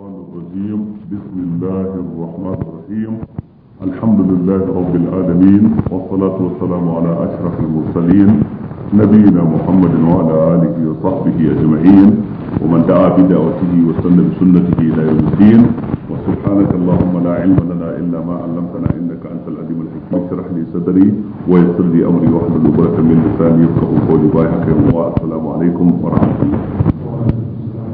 الشيطان الرجيم بسم الله الرحمن الرحيم الحمد لله رب العالمين والصلاة والسلام على أشرف المرسلين نبينا محمد وعلى آله وصحبه أجمعين ومن دعا بدعوته وسن بسنته إلى يوم الدين وسبحانك اللهم لا علم لنا إلا ما علمتنا إنك أنت العليم الحكيم اشرح لي صدري ويسر لي أمري واحلل عقدة من لساني يفقهوا قولي الله السلام عليكم ورحمة الله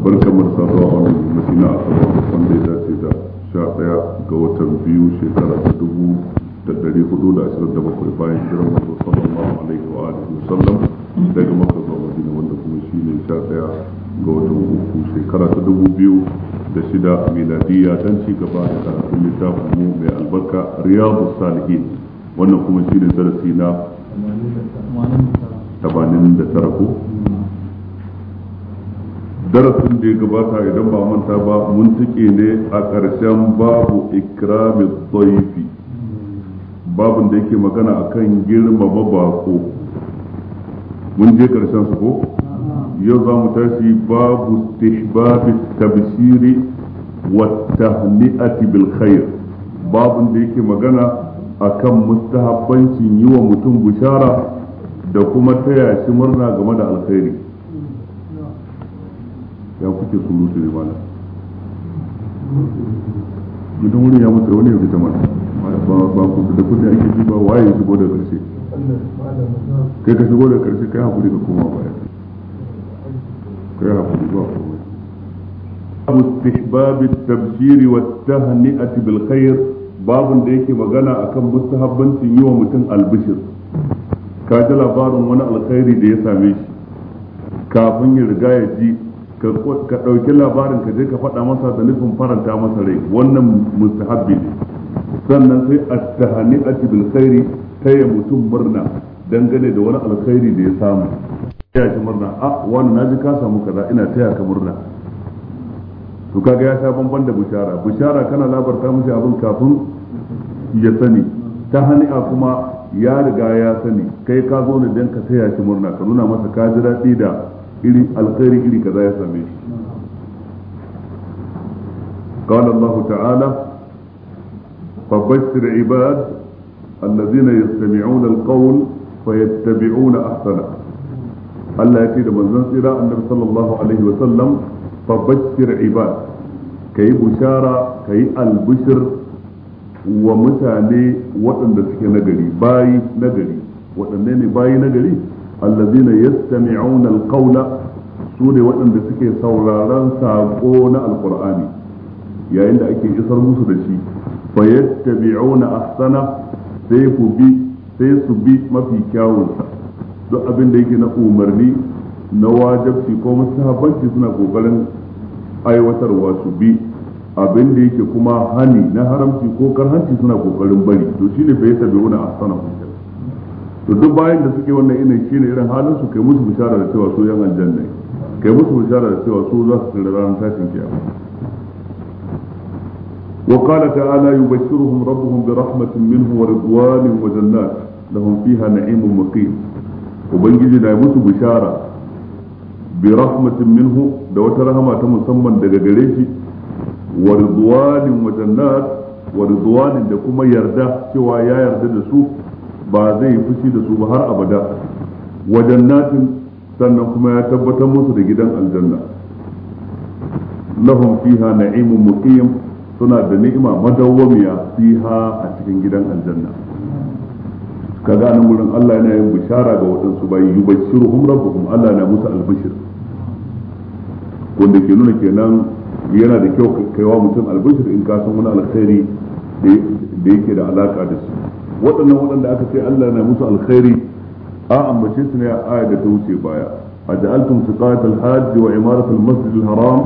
barka mu da saduwa a wannan yammaci na asabar wanda ya dace da sha daya ga watan biyu shekara ta dubu da dari hudu da ashirin da bakwai bayan jiran wasu sallallahu alaihi wa alihi wa sallam daga maka zuwa madina wanda kuma shi ne sha daya ga watan uku shekara ta dubu biyu da shida miladiyya don ci gaba da karatun littafin mu mai albarka riyadu salihin wannan kuma shi ne darasi na 89 ko darasin da ya gabata idan ba manta ba mun tike ne a ƙarshen babu ikramin tsaifi babin da yake magana a kan girmama bako mun je ƙarshen su ko yau za mu tashi babu istihbabi wa tahni'ati bil khair babin da yake magana akan mustahabbancin yi wa mutum bishara da kuma taya shi murna game da alkhairi ya kuke surutu ne malam gidan wurin ya mutu wani ya fita ba ku da kudi ake ji ba waye ya shigo da karshe kai ka shigo da karshe kai hakuri ka koma baya kai hakuri ba ku babu istihbab tabshiri tabshir wa at-tahni'at bil khair babun da yake magana akan mustahabbancin yi wa mutum albishir ka ji labarin wani alkhairi da ya same shi kafin ya riga ya ji ka ɗauki labarin ka je ka faɗa masa da nufin faranta masa rai wannan mustahabbi ne sannan sai a tahani a bil khairi yi mutum murna dangane da wani alkhairi da ya samu Ya shi murna a ah, wani na ji ka samu kaza ina taya ka murna to kaga ya sha bamban da bushara bushara kana labarta mishi abin kafin ya sani Ta hani a kuma ya riga ya sani kai ka zo ne don ka taya shi murna ka nuna masa ka ji daɗi da iri alkhairi iri kaza ya same shi قال الله تعالى فبشر عباد الذين يستمعون القول فيتبعون أحسنه Allah ya ce da manzon tsira annabi sallallahu alaihi wa sallam fabashir ibad kai bushara kai albushir wa mutane waɗanda suke nagari bayi nagari waɗanne bayi nagari allazina yastami'una alqawla su ne waɗanda suke sauraron sako na alqur'ani yayin da ake isar musu da shi fa yattabi'una ahsana sai ku bi sai su bi mafi kyawunsa duk abin da yake na umarni na wajabci ko mustahabbanci suna kokarin aiwatarwa su bi abin da yake kuma hani na haramci ko karhanci suna kokarin bari to shine bai sabi wani asana hujja to duk bayan da suke wannan ina shi irin halin kai musu bishara da cewa su yan aljanna kai musu bishara da cewa su za su tsira ranar tashin kiyama wa qala ta'ala yubashshiruhum rabbuhum bi rahmatin minhu wa ridwanin wa jannat lahum fiha na'imun muqim ubangiji da musu bishara bi rahmatin minhu da wata rahama ta musamman daga gare shi wa wa jannat da kuma yarda cewa ya yarda da su ba zai yi fushi da su ba har abada wajen natin sannan kuma ya tabbatar musu da gidan aljanna lahum fiha na'imun muqim suna da ni'ima madawwamiya fiha a cikin gidan aljanna kaga nan gurin Allah yana yin bishara ga waɗansu bayi yubashshiruhum rabbuhum Allah na musu albishir wanda ke nuna kenan yana da kyau kaiwa mutum albishir in ka san wani alkhairi da yake da alaka da su waɗannan waɗanda aka ce Allah na musu alkhairi a ambace ne a aya da ta wuce baya a ja'altum siqat alhajj wa imarat almasjid alharam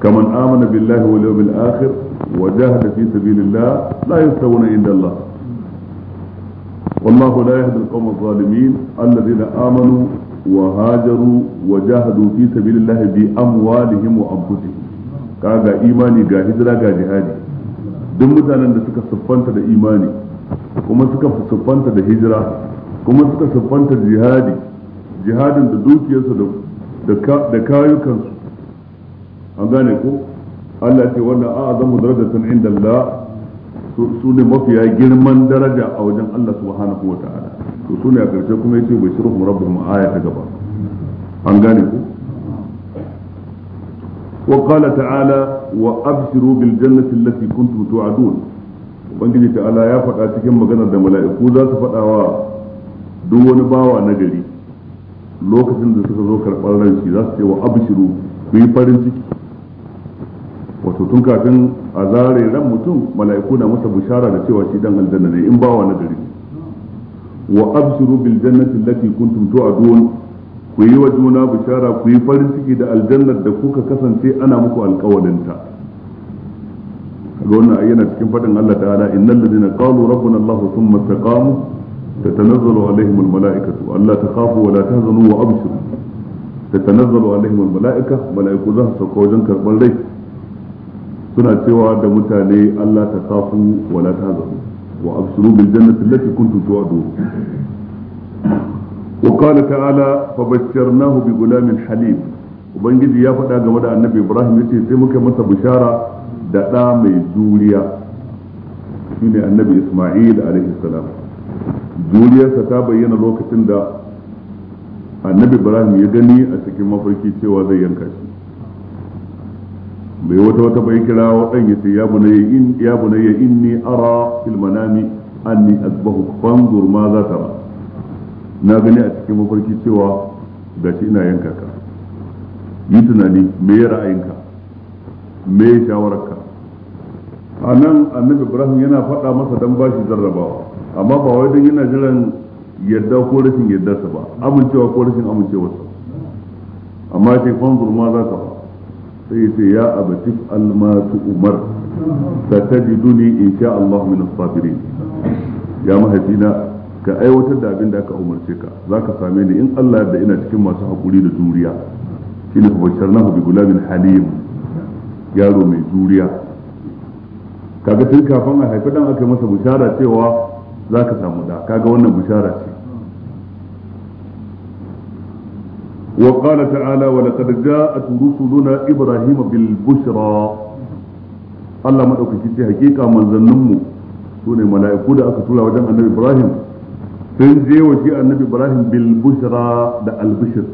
kaman amana billahi wal yawmil akhir wa jahada fi sabilillah la yusawuna inda Allah wallahu la yahdi alqawm alzalimin alladhina amanu wa hajaru wa jahadu fi sabilillah bi amwalihim wa anfusihim kaga imani ga hijira ga jihadi duk mutanen da suka siffanta da imani kuma suka siffanta da hijira kuma suka siffanta jihadi jihadin da dukiyarsu da kayukansu an gane ko Allah ce wannan a azamu darajatan inda Allah su ne mafiya girman daraja a wajen Allah subhanahu Kuma ta'ala to su ne a karshe kuma yace bai shiru rabbuhum aya ta gaba an gane ko wa qala ta'ala wa abshiru bil jannati allati kuntum tu'adun ubangiji ta'ala ya faɗa cikin maganar da mala'iku za su faɗa wa duk wani bawa na gari lokacin da suka zo karɓar ranci za su ce wa abshiru ku yi farin ciki wato tun kafin a zare ran mutum mala'iku na masa bishara da cewa shi dan aljanna ne in bawa na gari wa abshiru bil jannati allati kuntum tu'adun ku yi wa juna bishara ku yi farin ciki da aljannar da kuka kasance ana muku ta. ga wannan ayyana cikin fadin Allah ta'ala innal ladina qalu rabbuna Allah thumma istaqamu tatanazzalu alaihim almalaikatu alla takhafu wa la tahzanu wa abshiru tatanazzalu alaihim almalaika malaiku za su sauka wajen karban rai suna cewa da mutane Allah ta kafu wa la tahzanu wa abshiru bil jannati allati kuntum tu'adun wa qala ta'ala fabashsharnahu bi gulamin ubangiji ya faɗa game da annabi Ibrahim ce sai muka masa bishara da ɗa mai juriya shi ne annabi isma'il alaihi salam juriyarsa ta bayyana lokacin da annabi ibrahim ya gani a cikin mafarki cewa zai yanka shi bai wata wata bai kira waɗan ya ce ya bunayya inni ara fil manami anni azbahu fanzur ma za ta ba na gani a cikin mafarki cewa shi ina yanka ka yi tunani me ya ra'ayinka me ya shawararka a nan annabi ibrahim yana faɗa masa don bashi jarrabawa amma ba wai don yana jiran yadda ko rashin yaddarsa ba amincewa ko rashin sa amma ce fanzur ma za ka ba sai ya ce ya abatif almatu umar in insha Allah min as ya mahaifina ka aiwatar da abin da aka umarce ka za ka same ni in Allah da ina cikin masu haƙuri da juriya shi shine fa basharnahu bi gulamin halim yaro mai juriya kaga tun kafin a haifi dan aka masa bushara cewa za ka samu da kaga wannan bushara ce wa qala ta'ala wa laqad ja'at rusuluna ibrahima bil bushra Allah madaukaki ce hakika manzannin mu sune mala'iku da aka tura wajen annabi ibrahim sun je wa shi annabi ibrahim bil bushra da al bushr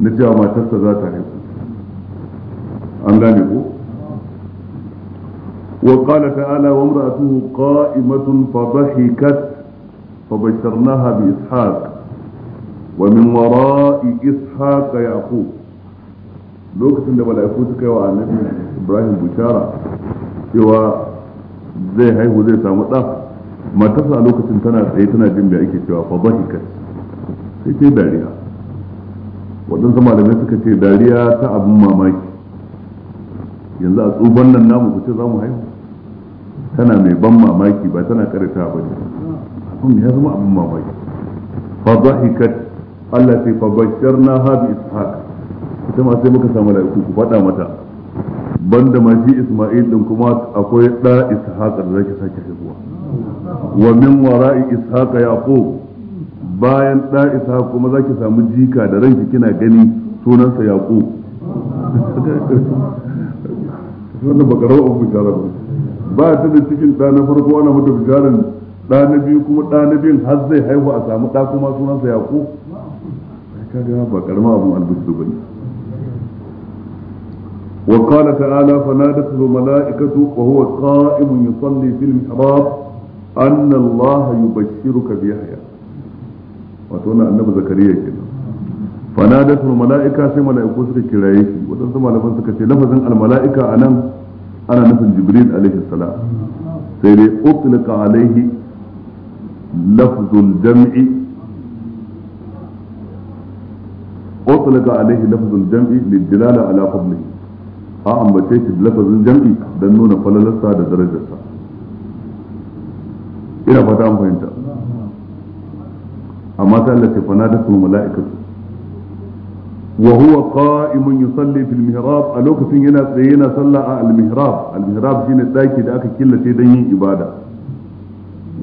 na cewa matarsa za ta haihu عن ذلك وقال تعالى وامرأته قائمة فضحكت فبشرناها بإسحاق ومن وراء إسحاق يعقوب لوك سنة ولا يقول تكيو النبي إبراهيم بشارة سوى زي هاي هو زي سامتا ما تطلع لوك سنة ايه سيتنا جنب عيك سوى فضحكت سيتي داريا ودن زمان لم يسكت داريا تعب ماماكي yanzu a tsuban nan namu ku ce za mu haihu tana mai ban mamaki ba tana karanta ba ne abin ya zama abin mamaki fa dhahikat Allah sai fa basharna ha bi ishaq ita ma sai muka samu laiku ku faɗa mata banda ma shi Isma'il din kuma akwai da ishaq da zaki sake haihuwa wa min wara'i ishaq yaqub bayan da ishaq kuma zaki samu jika da ranki kina gani sunansa yaqub wanda ba karawa abu bishara ba ba ta da cikin ɗa na farko ana mata bisharan ɗa na biyu kuma ɗa na biyun har zai haihu a samu ɗa kuma sunansa yaƙo kaga ba karama abun albisu ba ne وقال تعالى فنادته الملائكة وهو قائم يصلي في المحراب أن الله يبشرك بيحيى وتونا النبي زكريا كده fanadatul mala'ika sai mala'iku suka kiraye shi wadansu malaman suka ce lafazin almala'ika a nan ana nufin jibril alaihi salam sai dai utlqa alaihi lafzul jam'i utlqa alaihi lafzul jam'i lidilala ala fadlihi a ambace shi lafazin jam'i don nuna falalarsa da darajarsa ina fata an fahimta amma ta Allah ce fa na su mala'ikatu wa huwa qa'imun yusalli fil mihrab a lokacin yana tsaye yana sallah a al mihrab shine daki da aka killace don yin ibada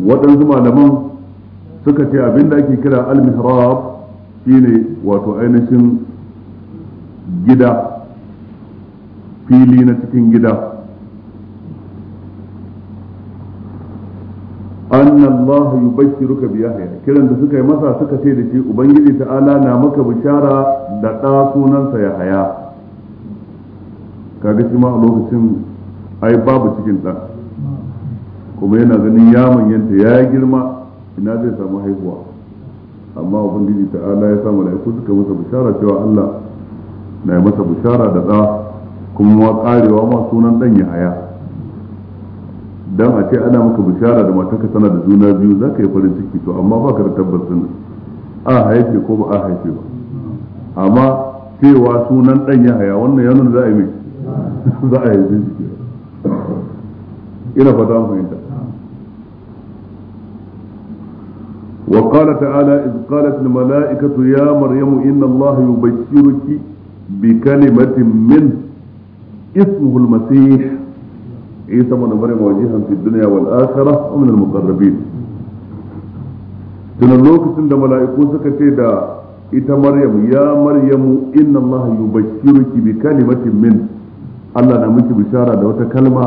waɗansu malaman suka ce abinda ake kira al mihrab shine wato ainihin gida fili na cikin gida anna Allah yubashshiruka bi yahya kiran da suka yi masa suka ce da shi ubangiji ta'ala na maka bishara da da sunansa yahaya kaga shi ma a lokacin ai babu cikin ɗan kuma yana ganin ya manyanta ya girma ina zai samu haihuwa amma ubangiji ta'ala ya samu laiku suka masa bishara cewa Allah na yi masa bishara da ɗa kuma ma karewa ma sunan ɗan yahaya dan a ce ana maka bishara da matarka sana da juna biyu za ka yi farin ciki to amma ba ka da tabbacin a haife ko ba a haife ba amma cewa sunan dan ya haya wannan yanon za a yi mai za a haife ciki ina fata mu fahimta qalat تعالى mala'ikatu ya maryam inna allaha yubashshiruki bi kalimatin min منه al-masih عيسى بن مريم وجيها في الدنيا والآخرة ومن المقربين تنلوك سند ملائكو سكتي دا إتا مريم يا مريم إن الله يبشرك بكلمة من الله نمك بشارة دا وتكلمة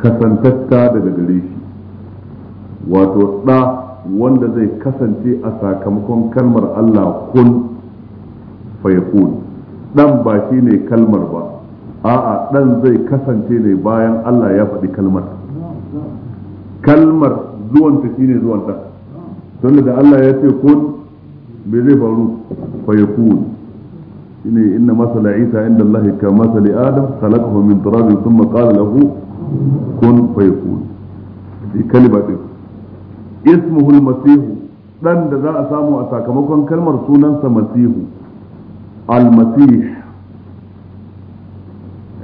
كسنتتا دا قريش وتوصدا wanda zai kasance a sakamakon kalmar Allah kun fayakun dan ba shi ne kalmar ba a'a dan zai kasance ne bayan Allah ya faɗi kalmar kalmar zuwan ta shine zuwan ta tunda da Allah ya ce kun me zai faru fa yakun shine inna masala Isa inda Allah ka masali Adam khalaqahu min turabin thumma qala lahu kun fa yakun shi kalma din ismuhu al-masih dan da za a samu a sakamakon kalmar sunansa masihu al-masih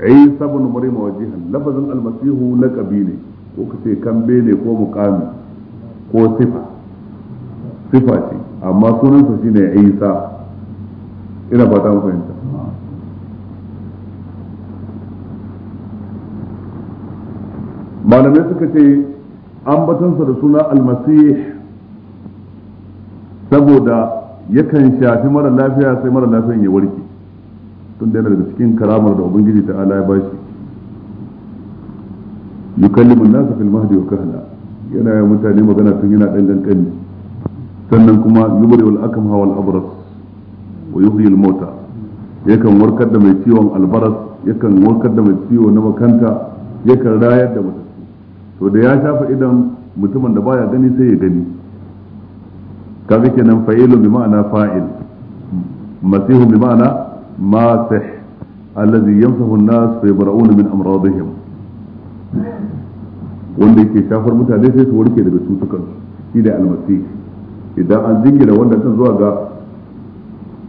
isa ibn maryam wajihan lafazin almasihu laqabi ne ko kace kambe ne ko muqami ko sifa sifa ce amma sunansa shine isa ina fata mu fahimta malamai suka ce ambatansa da suna almasih saboda yakan shafi mara lafiya sai mara lafiyan ya warke tun da yana daga cikin karamar da ubangiji ta ala ya bashi yukallimu nasa fil mahdi wa kahla yana ya mutane magana tun yana dan gankani. sannan kuma yubri wal akamha wal abras wa yuhyi al mauta yakan warkar da mai ciwon albaras yakan warkar da mai ciwo na makanta yakan rayar da mutum to da ya shafa idan mutumin da baya gani sai ya gani kaga kenan fa'ilu bi ma'ana fa'il masihu bi ma'ana masih allazi yamsahu an-nas fa yabra'una min wanda yake shafar mutane sai su warke daga cutukan shi da almasi idan an jingina wanda kan zuwa ga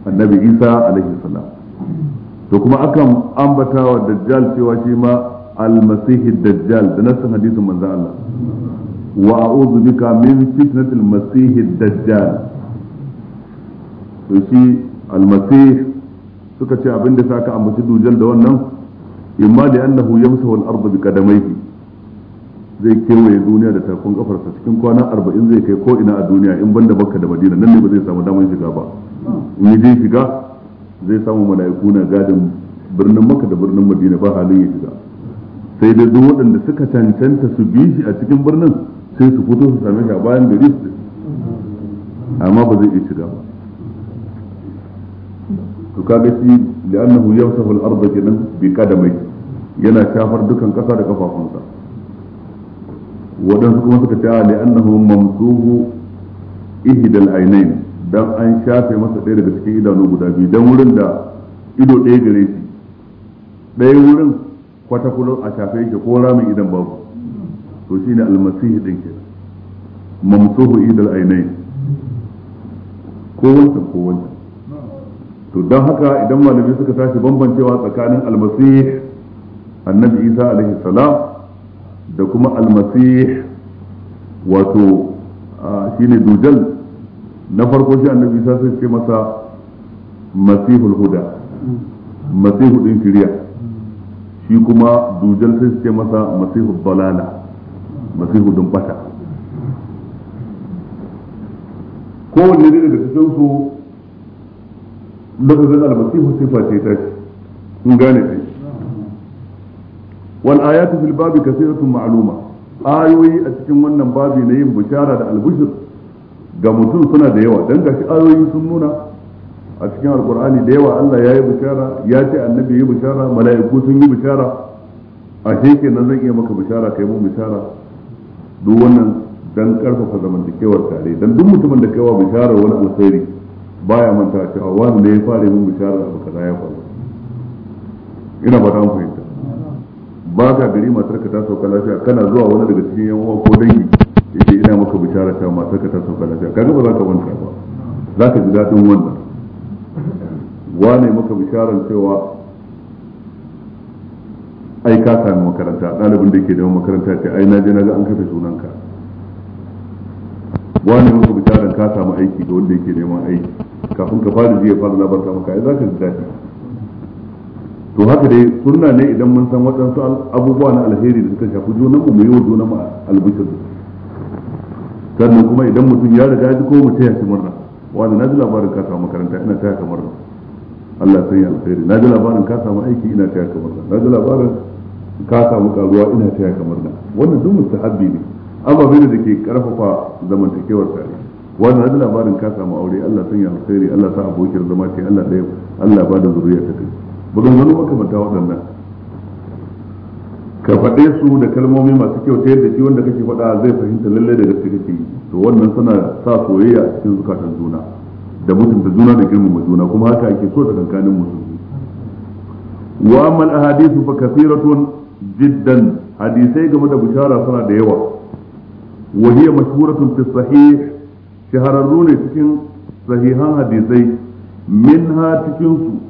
annabi isa alaihi salam to kuma akan ambata wa dajjal cewa shi ma almasihi dajjal da nassan hadisin manza Allah wa a'udhu bika min fitnatil masihi dajjal to shi almasih suka ce abin da saka ambaci dujal da wannan imma da annahu yamsahu al-ard bi qadamayhi zai kewaye duniya da takun kafarsa cikin kwana 40 zai kai ko ina a duniya in banda Makka da Madina nan ne ba zai samu damar shiga ba in je shiga zai samu mala'iku na gadin birnin Makka da birnin Madina ba halin ya shiga sai da duk waɗanda suka cancanta su bi shi a cikin birnin sai su fito su same shi a bayan gari amma ba zai iya shiga ba to kaga shi da annahu yamsahu al-ardh kenan bi mai yana shafar dukan kasa da kafafunsa wadansu kuma suka ta ali annahu mamsuhu ihdal ainihin dan an shafe masa ɗaya daga cikin idanu guda biyu dan wurin da ido ɗaya gare shi ɗaya wurin kwata kullum a shafe yake ko ramin idan babu to shine almasihi din kenan mamsuhu ihdal ainihin ko wancan ko wancan to don haka idan malamai suka tashi bambancewa tsakanin almasih annabi isa alaihi salam da kuma almasih wato ne dujal na farko shi annabi isa sai ce masa masihul huda masihul din shirya shi kuma dujal sai ce masa masihul balala masihul din bata kowanne daga cikin su lafazin almasihu sifa ce ta ce kun gane ce wal ayatu fil babi kasiratun ma'luma ayoyi a cikin wannan babi na yin bishara da albushir ga mutum suna da yawa dan gashi ayoyi sun nuna a cikin alkur'ani da yawa Allah ya yi bishara ya ce annabi ya yi bishara mala'iku sun yi bishara a sheke nan zan iya maka bishara kai mun bishara duk wannan dan karfafa zamantakewar tare dan duk mutumin da kaiwa bisharar wani alkhairi baya manta cewa wani ne ya fara yin bishara da kaza ya faru ina ba ta an fahimta ba ka gari matar ka ta sauka lafiya kana zuwa wani daga cikin yan uwa ko dangi yake ina maka bishara cewa matar ka ta sauka lafiya kaga ba za ka manta ba za ka ji daɗin wannan wane maka bisharar cewa ai ka sami makaranta ɗalibin da ke da makaranta ce ai na je na ga an kafe sunanka wani maka bisharar ka samu aiki da wanda yake neman aiki kafin ka fara jiya fara ka maka za ka ji daɗi to haka dai suna ne idan mun san waɗansu abubuwa na alheri da suka shafi junan mu yi wa junan mu albishir sannan kuma idan mutum ya riga ji ko mu taya shi murna wani na ji labarin ka samu makaranta ina taya ka murna Allah sanya alheri na ji labarin ka samu aiki ina taya ka murna na ji labarin ka samu karuwa ina taya ka murna wannan duk mustahabbi ne ababe da ke karfafa zamantakewar tare wannan da labarin ka samu aure Allah sanya alkhairi Allah sa abokin zama ce Allah ɗaya Allah ba da zuriya ta kai ba zan zama makamanta waɗannan ka faɗe su da kalmomi masu kyau ta yadda shi wanda kake faɗa zai fahimta lalle da gaske kake to wannan suna sa soyayya a cikin zukatan juna da mutunta juna da girmama juna kuma haka ake so ta kankanin musulmi wa amma al-ahadithu fa kathiratun jiddan hadisai game da bishara suna da yawa wa hiya mashhuratun fi sahih shahararru ne cikin sahihan hadisai minha cikinsu su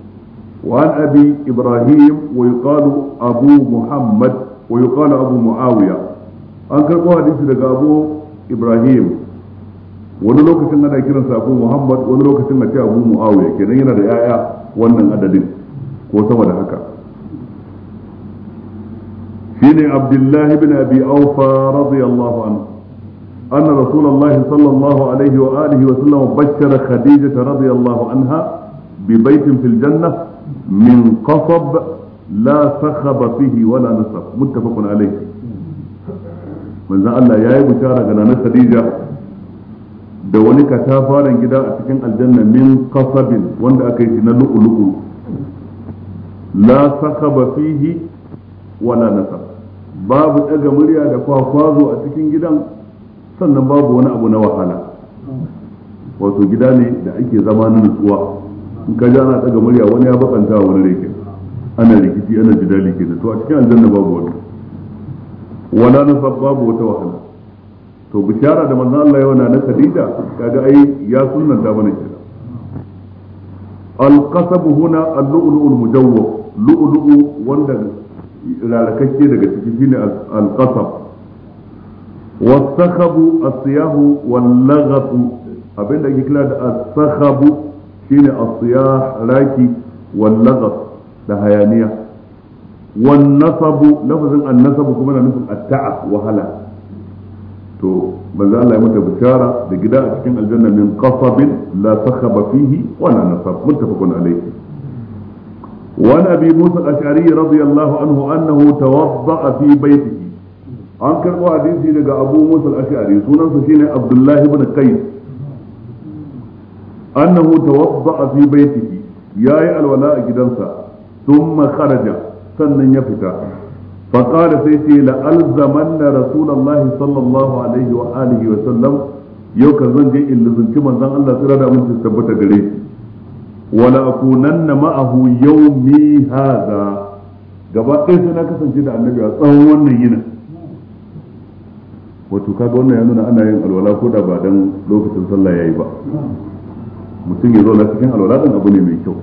وعن أبي إبراهيم ويقال أبو محمد ويقال أبو معاوية أنكر حديث لك أبو إبراهيم wani lokacin ana kiran sa Abu Muhammad wani lokacin na Abu Muawiya kenan yana da yaya wannan adadin ko sama da haka shine Abdullahi bin Abi Aufa radiyallahu anhu أن رسول الله صلى الله عليه وآله وسلم بشر خديجة رضي الله عنها ببيت في الجنة من قصب لا صخب فيه ولا نصب متفق عليه من ذا الله يا بشارة أنا خديجة da wani katafaren gida a cikin aljanna min wanda aka yi na lu'ulu'u la sakaba fihi wala babu daga murya da kwakwazo a cikin gidan sannan babu wani abu na wahala wato gida ne da ake zama na nutsuwa in ka ji ana daga murya wani ya bakanta a wani rikin ana rikici ana jidali ke to a cikin aljanna babu wani wala na babu wata wahala to bishara da manzon Allah yawa na na Khadija kaga ai ya sunanta mana kira al-qasab huna al-lu'lu'ul mujawwab lu'lu'u wanda lalakakke daga cikin shine al-qasab wasakhabu asiyahu wallaghatu abinda ake kira da asakhabu shine asiyah raki wallaghat da hayaniya wan nasabu lafazin annasabu kuma na nufin atta'ab wahala to manzo Allah ya mata bishara da gida a cikin aljanna min qasabin la sakhaba fihi wala nasab muttafaqun alayhi وعن ابي موسى الاشعري رضي الله عنه انه توضا في بيته an karɓo hadisi daga abu musul ash'ari sunansa shine abdullahi ibn qais annahu tawadda'a fi baytihi yayi alwala a gidansa thumma kharaja sannan ya fita fa qala sai ce la alzamanna rasulullahi sallallahu alaihi wa alihi wa sallam yau kan zan je in lizunci manzon Allah tsira da mun tabbata gare shi wala akunanna ma'ahu yawmi hadha gaba ɗaya sai na kasance da annabi a tsawon wannan yinin wato kaga wannan ya nuna ana yin alwala ko da ba dan lokacin sallah yayi ba mutum ya zauna cikin alwala din abu ne mai kyau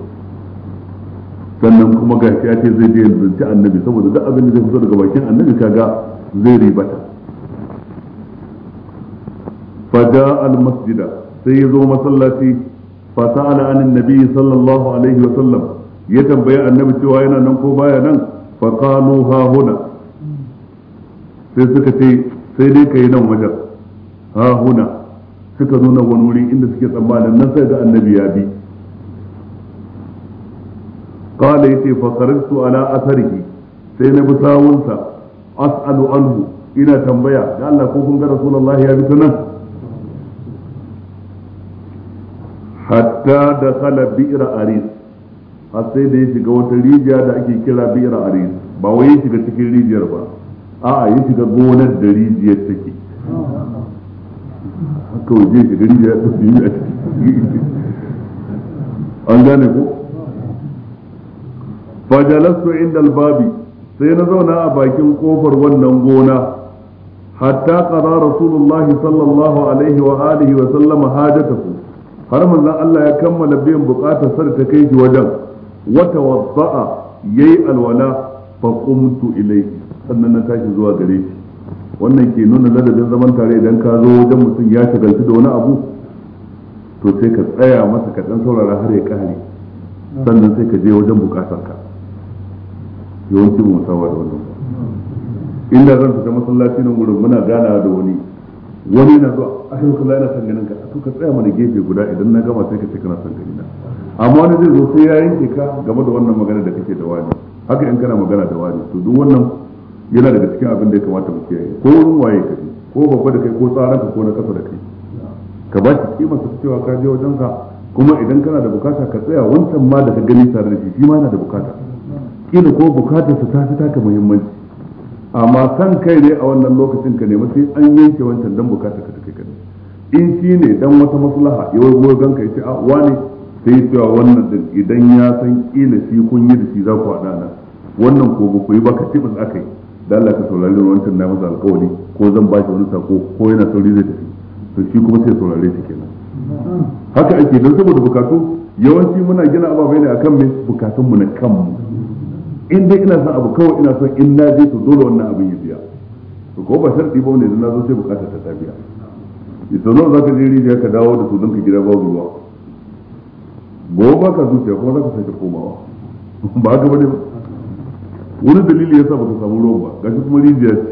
sannan kuma ga shi ce zai je zance annabi saboda duk abin da zai fito daga bakin annabi kaga zai ribata fada al masjida sai ya zo masallaci fa sa'ala an annabi sallallahu alaihi wa sallam ya tambaya annabi cewa yana nan ko baya nan fa qalu ha huna sai suka ce sai dai ka yi nan wajen rahuna suka nuna wani wuri inda suke tsammanin nan sai ga annabi ya bi kala yace fa qaratu ala asarihi sai na bi sawunsa as'alu anhu ina tambaya da Allah ko kun ga rasulullahi ya bi ta nan hatta dakhala bi'ra aris har sai da ya shiga wata rijiya da ake kira bi'ra aris ba wai ya shiga cikin rijiyar ba a ya shiga gonar da rijiyar take haka waje shiga rijiyar ta yi a ciki an gane ko fajalastu inda albabi sai na zauna a bakin kofar wannan gona hatta qada rasulullahi sallallahu alaihi wa alihi wa sallama hajatahu har manzon Allah ya kammala biyan bukatar sa ta kai shi wajen wa tawadda'a yayi alwala fa qumtu ilayhi sannan na tashi zuwa gare shi wannan ke nuna ladabin zaman tare idan ka zo wajen mutum ya shagaltu da wani abu to sai ka tsaya masa ka dan saurara har ya kare sannan sai ka je wajen bukatar ka yawanci mu sawa da wannan inda zan fita masallaci nan gurin muna gana da wani wani na zuwa a shi yana son ganin ka to ka tsaya mana gefe guda idan na gama sai ka ce kana son gani na amma wani zai zo sai ya yanke ka game da wannan magana da kake da wani haka in kana magana da wani to duk wannan yana daga cikin abin da ya kamata mu kiyaye ko wurin waye ka ko babba da kai ko tsaran ka ko na kafa da kai ka ba shi kima su cewa ka je wajen ka kuma idan kana da bukata ka tsaya wancan ma da ka gani tare da shi shi ma yana da bukata kila ko bukatar sa ta fi taka muhimmanci amma san kai ne a wannan lokacin ka nemi sai an yanke wancan dan bukata ka ta kai in shi ne dan wata maslaha ya wai goyon ka yace a wani sai cewa wannan din idan ya san kila shi kun yi da shi za ku haɗa nan wannan ko ba ku yi ba ka za aka yi da Allah ka saurari wancan na masa alƙawari ko zan ba shi wani sako ko yana sauri zai tafi to shi kuma sai saurare shi kenan haka ake don saboda bukatu yawanci muna gina ababai ne akan mai bukatun mu na kanmu in dai ina son abu kawai ina son in na je to dole wannan abin ya biya to ko ba sharti ba ne na zo sai bukatar ta biya ita eh, nawa za ka je rijiya ka dawo da su don ka gida babu ruwa ba ba ka zuciya kuma za ka sake komawa ba haka ba ne ba wani dalili yasa baka samu ruwan ba gashi kuma rijiya ce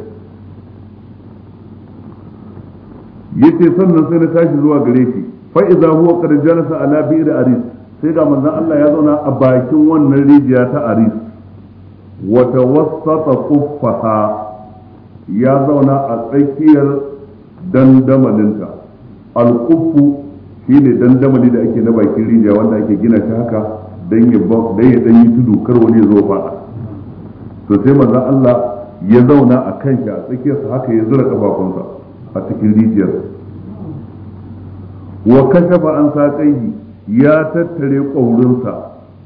yace sannan sai na tashi zuwa gare shi fa idza huwa qad jalasa ala bi'r aris sai ga manzon Allah ya zauna a bakin wannan rijiya ta aris wa tawassata quffaha ya zauna a tsakiyar dandamalinta al-quffu shine dandamali da ake na bakin rijiya wanda ake gina shi haka dan ya dan yi tudu kar wani ya zo fa'a to sai manzon Allah ya zauna a kan shi a tsakiyarsa haka ya zura kafafunsa a cikin rijiyar wa kashafa an saƙaihi ya tattare ƙaurinsa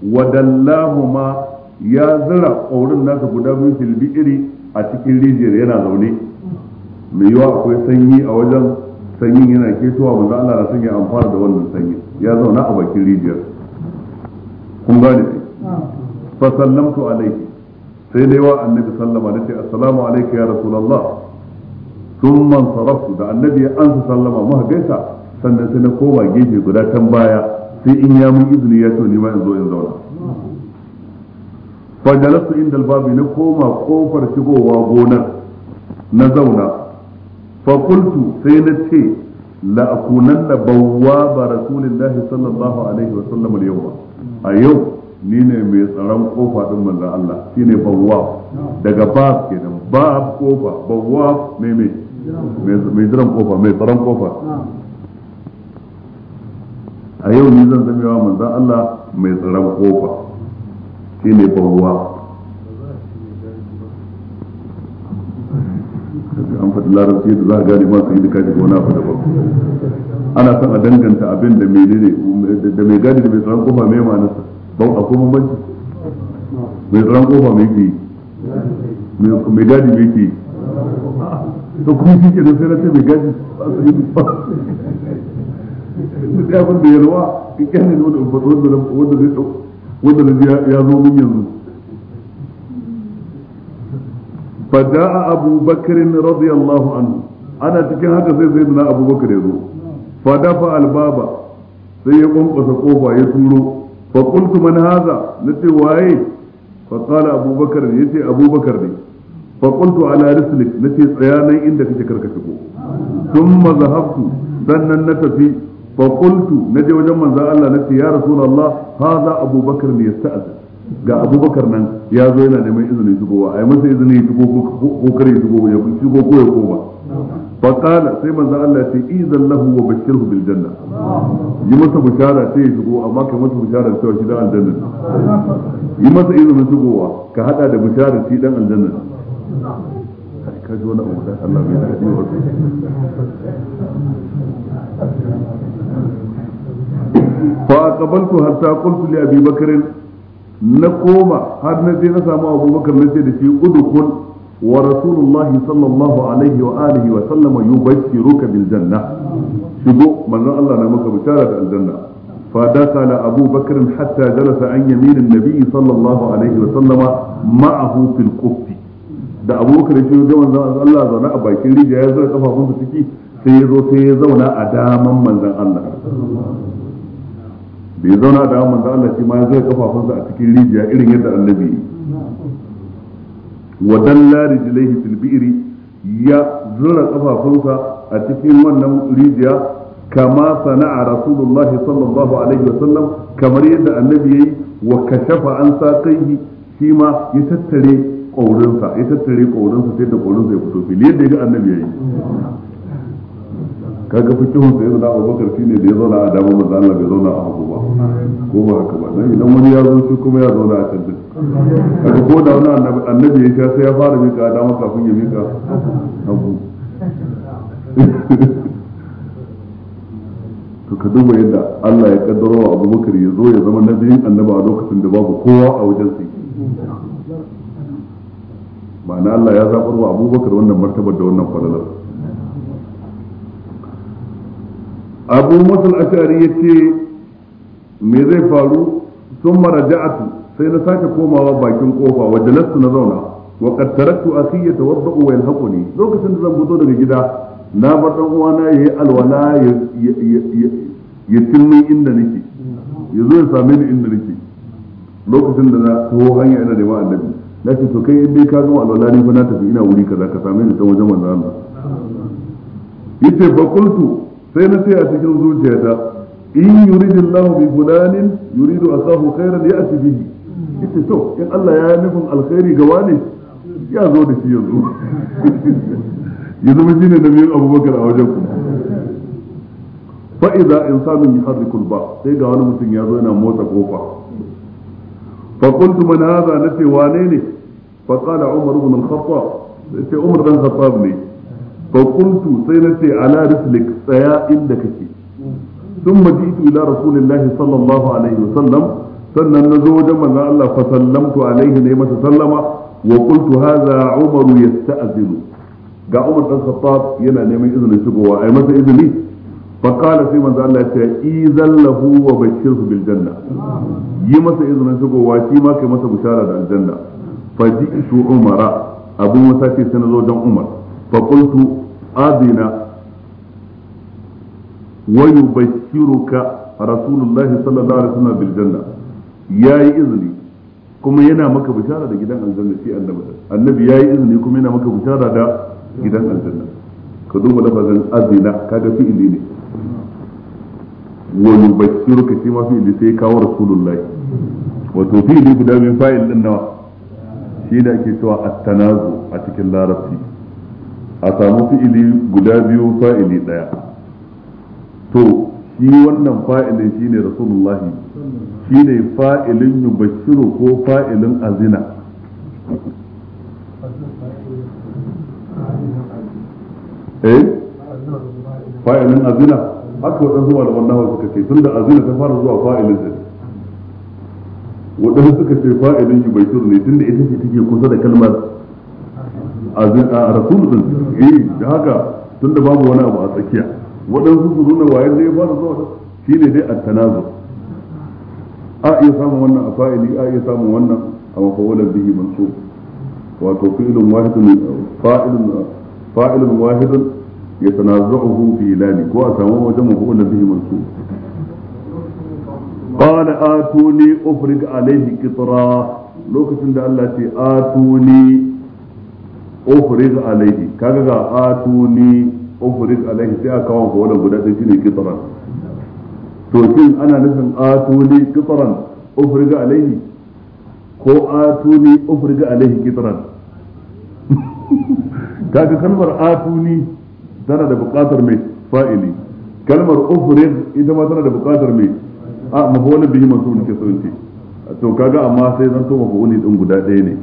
wa dallahu ma ya zura ƙaurin nasa guda biyu filbi iri a cikin rijiyar yana zaune mai yiwa akwai sanyi a wajen sanyin yana ketowa manzo Allah na sanya amfana da wannan sanyi ya zauna a bakin rijiyar kun gane fa sallamtu alaihi sai dai wa annabi sallama nace assalamu alayka ya rasulullah thumma saraftu da annabi ya ansa sallama mu gaisa sannan sai na koma gefe guda can baya sai in ya mun izini ya to ni ma in zo in zauna fa jalastu inda albabi na koma kofar shigowa gonar na zauna fa qultu sai na ce la akunanna ba rasulillahi sallallahu alaihi wa sallam al-yawma a yau ni ne mai tsaron kofa din manzan Allah shi ne bawwab daga bab nan bab kofa bawwab mai mai mai tsaron kofa mai tsaron kofa a yau ni zan zama yawa manzon Allah mai tsaron kofa ne bawwab an faɗi larabci da za a gane masu yi dukkan kaji ko na faɗa ba ana son a danganta abin da mai gadi da mai tsaron kofa mai ma'anarsa ban a kuma banci mai tsaron kofa mai ke mai gadi mai ke to kuma shi ke sai na ce mai gadi ba su yi ba da ya kun da in kyanin ne wanda ubbar wanda zai dau wanda zai ya zo min yanzu فجاء أبو بكر رضي الله عنه أنا تكن هذا سيدنا أبو بكر يزور فدفع sai ya kwankwasa kofa ya turo fa qultu man hadha nace waye fa abubakar ne yace abubakar ne fa qultu ala rislik nace tsaya nan inda kake karka shigo thumma zahabtu sannan na tafi fa qultu naje wajen manzo Allah nace ya rasulullah hadha abubakar ne yasta'zin ga abubakar nan ya zo yana neman izini shigowa a yi masa izini ya ko kare ya shigo ko ya koma fa qala sai manzo Allah ce idan lahu wa bashirhu bil yi masa bishara sai ya shigo amma kai masa bishara cewa shi dan aljanna yi masa izinin shigowa ka hada da bishara shi dan aljanna ka ji wani abu da Allah bai da wa na koma har na je na samu abubakar na da shi udkhul wa rasulullahi sallallahu alaihi wa alihi wa sallama yubashshiruka bil janna shigo manzon Allah na muka bishara da aljanna fa dakala abu bakr hatta jalasa an yamin nabi sallallahu alaihi wa sallama da abu bakr shi ga manzon Allah zauna a bakin rijiya ya zura kafafunsa ciki sai ya zo sai ya zauna a daman manzon Allah bai zauna daman manzon Allah shi ma ya zura kafafunsa a cikin rijiya irin yadda annabi wa Ladi rijlaihi fil bi'ri ya zura kafafunsa a cikin wannan rijiya kama sana'a rasulullahi sallallahu alaihi wa sallam kamar yadda annabi yayi wa kashafa an saqaihi shi ma ya tattare kaurinsa ya tattare kaurinsa sai da kaurinsa ya fito fili yadda ya ga annabi yayi kaga fikihun sai da Abubakar shine da ya zauna a dama manzo Allah bai zauna a hagu ba ko ba haka ba dan idan wani ya zo shi kuma ya zauna a can din kaga ko da wani annabi ya sha sai ya fara mika a dama kafin ya mika hagu to ka duba yadda Allah ya kaddaro wa Abubakar ya zo ya zama nabiyin annaba a lokacin da babu kowa a wajen sa ma'ana Allah ya zabar wa Abubakar wannan martabar da wannan falalar abu musul ashari ya ce me zai faru sun mara ja'atu sai na sake komawa bakin kofa wadda lasu na zauna wa siya ta akhi yatawadda'u wa yalhaquni lokacin da zan fito daga gida na bar dan uwana yi alwala ya tilmi inda nake zo ya same ni inda nake lokacin da na taho hanya ina da yawan annabi na ce to kai in dai ka gama alwala ni fa na tafi ina wuri kaza ka same ni ta wajen manzo Allah yace fa kultu sai na ce a cikin zuciyata in lahu bi fulanin yuridu akahu khairan ya'ti bihi ita to in Allah ya nufin alkhairi ga wani ya zo da shi yanzu yanzu mun shine da biyan abubakar a wajen ku fa idza insanun harri kulba sai ga wani mutum ya zo yana motsa kofa fa mana man na ce wane ne fa qala umar ibn al-khattab sai umar dan khattab ne fa sai na ce ala rislik tsaya inda kake thumma jitu ila rasulillahi sallallahu alaihi wasallam sannan na zo wajen manzon Allah fa sallamtu alaihi ne masa sallama wa qultu hadha umaru yasta'zinu ga Umar dan Khattab yana neman izinin shigowa ai masa izini fa qala sai manzon Allah ya ce idzal lahu wa bashirhu bil janna yi masa izinin shigowa shi ma kai masa bishara da aljanna fa jitu umara abun wata ce sai na Umar fa qultu adina wa yubashshiruka rasulullahi sallallahu alaihi wasallam bil janna yayi izini kuma yana maka bishara da gidan aljanna shi annabi annabi yayi izini kuma yana maka bishara da gidan aljanna ka duba lafazin azina kaga fi'ili ne wani bashiru ka ce ma fi'ili sai kawo rasulullahi wato fi'ili guda min fa'il din nawa shi da ake cewa at a cikin larabci a samu fi'ili guda biyu fa'ili daya to shi wannan fa'ilin ne rasulullahi ne fa'ilin yubashiru ko fa'ilin azina eh fa'ilin azina haka zuwa da wannan suka ce tun da azina ta fara zuwa fa'ilin zai waɗansu suka ce fa'ilin yubashiru ne tun da ita ce take kusa da kalmar a rasulu din eh da haka tunda babu wani abu a tsakiya waɗansu su nuna waye zai fara zuwa shi ne dai at a iya samun wannan a fa'ili a iya samun wannan a mafawalan bihi mansub wato fi'ilun wahidun fa'ilun fa'ilun wahidun يتنازعه في لاني كو أسامه وجمه فؤل به منصوب قال آتوني أفرق lokacin da Allah عند الله آتوني ofuriz alaihi kaga ga atuni ofuriz alaihi sai aka kawo ko wannan guda ɗin shine kitran to shin ana nufin atuni kitaran ofuriz alaihi ko atuni ofuriz alaihi kitaran kaga kalmar atuni tana da buƙatar mai fa'ili kalmar ofuriz ita ma tana da buƙatar mai a mafi wani bihi masu wani kasance to kaga amma sai zan to mafi wani ɗin guda ɗaya ne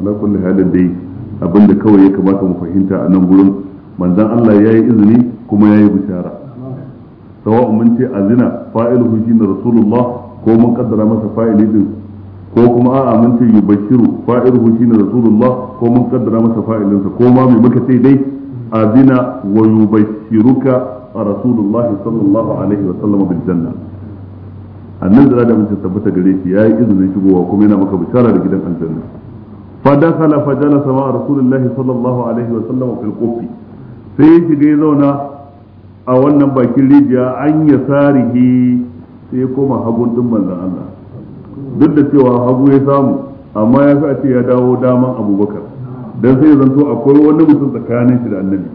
ala kulle halin dai abinda kawai ya kamata mu fahimta a nan gurin manzon Allah ya yi izini kuma ya yi bishara sawa'un mun ce azina fa'iluhu shine rasulullah ko mun kaddara masa fa'ili din ko kuma a mun ce yubashiru fa'iluhu shine rasulullah ko mun kaddara masa fa'ilinsa ko ma mai muka ce dai a zina wa yubashiruka rasulullahi sallallahu alaihi wa sallam bil janna annan da za da mutum tabbata gare shi ya yi izinin shigowa kuma yana maka bishara da gidan aljanna فدخل فجلس مع رسول الله صلى الله عليه وسلم في القف sai شيء زونا او zauna a wannan bakin rijiya an ya sarihi sai ya koma hagun din manzan Allah duk da cewa hagu ya samu amma ya fi a ce ya dawo daman abubakar dan sai ya zanto akwai wani mutum tsakanin shi da annabi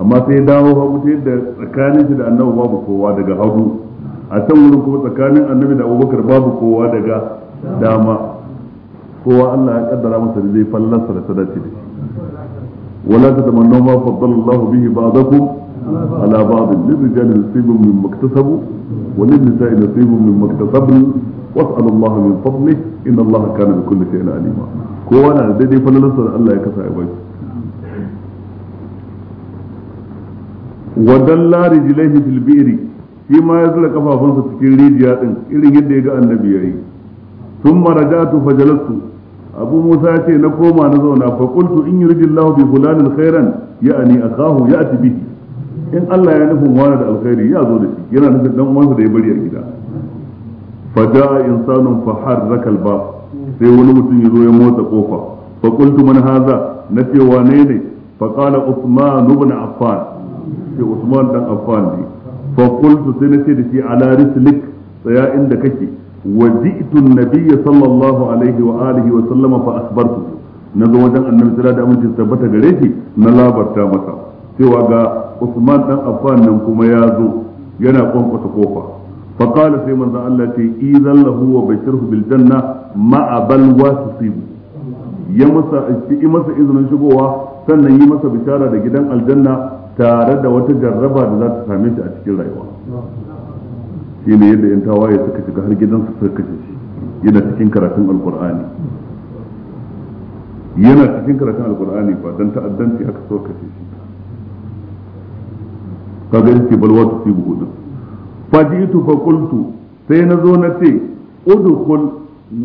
amma sai ya dawo hagu sai da tsakanin shi da annabi babu kowa daga hagu a can wurin kuma tsakanin annabi da abubakar babu kowa daga dama kowa Allah ya kaddara masa da zai fallasa da sadaci da wala ta tamanna ma faddala Allah bihi ba'dakum ala ba'd lirrijali nasibun mimma iktasabu wa lin-nisa'i nasibun mimma iktasabna was'alu Allah min fadlihi inna Allah kana bi kulli shay'in alima kowa na da daidai fallalarsa da Allah ya kasa ya bashi wadalla rijlaihi fil bi'ri shi ma ya zura kafafunsa cikin rijiya din irin yadda ya ga annabi yayi ثم رجعت فجلست أبو موسى يتي نقوم أنا زونا فقلت إن يريد الله بفلان خيرا يعني أخاه يأتي به in Allah ya nufin wani da alkhairi ya zo da shi yana nufin dan uwansa da ya bari a gida fa jaa insanun fa harraka albab sai wani mutum ya zo ya motsa kofa fa manhaja man hadha na ce wane ne fa qala usman ibn affan sai usman dan affan ne fa sai na ce da shi ala rislik tsaya inda kake waddi tun nabiya sallallahu alaihi wa'i alayhi wa salama fa asibar ku na zoma wajen annona jira da amince su tabbata gareti na labar ta masa cewa ga usman ɗan amfanin kuma ya zo yana ƙwanƙwata ƙofa fakada sai wanzam allah ke i zallahu wa bai sharhu biljan na ma'a bal wasu sim ya fi masa izinin shigowa sannan yi masa bishara da gidan aljanna tare da wata jarraba da za ta shi a cikin rayuwa. shine yadda yan tawaye suka shiga har gidansu suka kashe shi yana cikin karatun alkur'ani yana cikin karatun alkur'ani ba dan ta'addanci aka so kashe shi kaga yake balwa ta fi buhu din fajitu fa qultu sai na zo na ce udkhul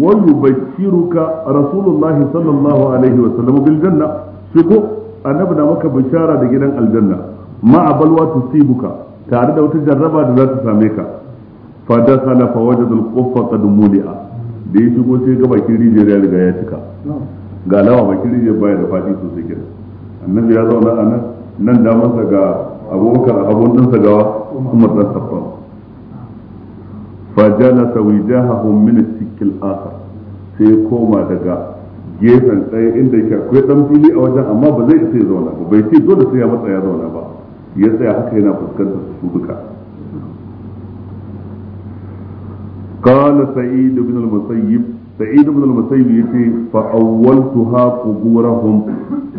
wa yubashshiruka rasulullahi sallallahu alaihi wa sallam bil janna shigo annabi na maka bishara da gidan aljanna ma'a balwa tusibuka tare da wata jarraba da za ta same ka fa dakhala fa wajada al muli'a da ya shigo sai ga bakin rijiyar ya riga ya cika ga alama bakin rijiyar baya da fadi sosai kenan annabi ya zauna a nan nan damansa ga abubakar abun dinsa gawa umar ɗan saffan fa na wijahahum min as-sikil akhar sai koma daga gefen tsaye inda ya akwai dan fili a wajen amma ba zai isa ya zauna ba bai ce dole sai ya matsa ya zauna ba ya tsaya haka yana fuskantar su duka قال سعيد بن المسيب سعيد بن المسيب يتي فأولتها قبورهم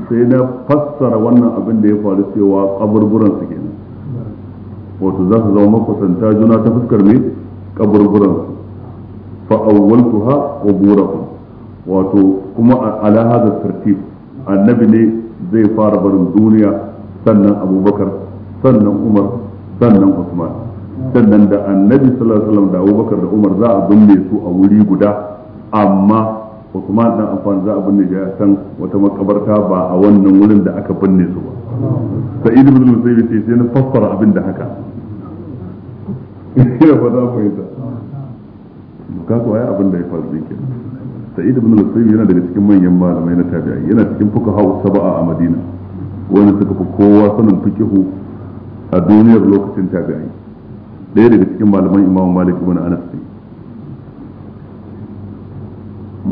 سيدا فسر وانا أبن دي فارسي وقبر بران سكينا وتزاك زوما فسنتا جنا تفكر مي قبر بران فأولتها قبورهم وتو كما على هذا الترتيب النبي ne zai fara barin duniya sannan abubakar sannan umar sannan usman sannan da annabi sallallahu alaihi wasallam da abubakar da umar za a binne su a wuri guda amma usman dan Affan za a binne shi san wata makabarta ba a wannan wurin da aka binne su ba sai ibn musayyib sai sai na fassara abin da haka ina ba za ku yi ka ko ai abin da ya faru ke sai ibn musayyib yana daga cikin manyan malamai na tabi'i yana cikin fuqaha sab'a a Madina wanda suka fi kowa sanin fiqhu a duniyar lokacin tabi'i ɗaya daga cikin malaman imamu malik ibn anas ne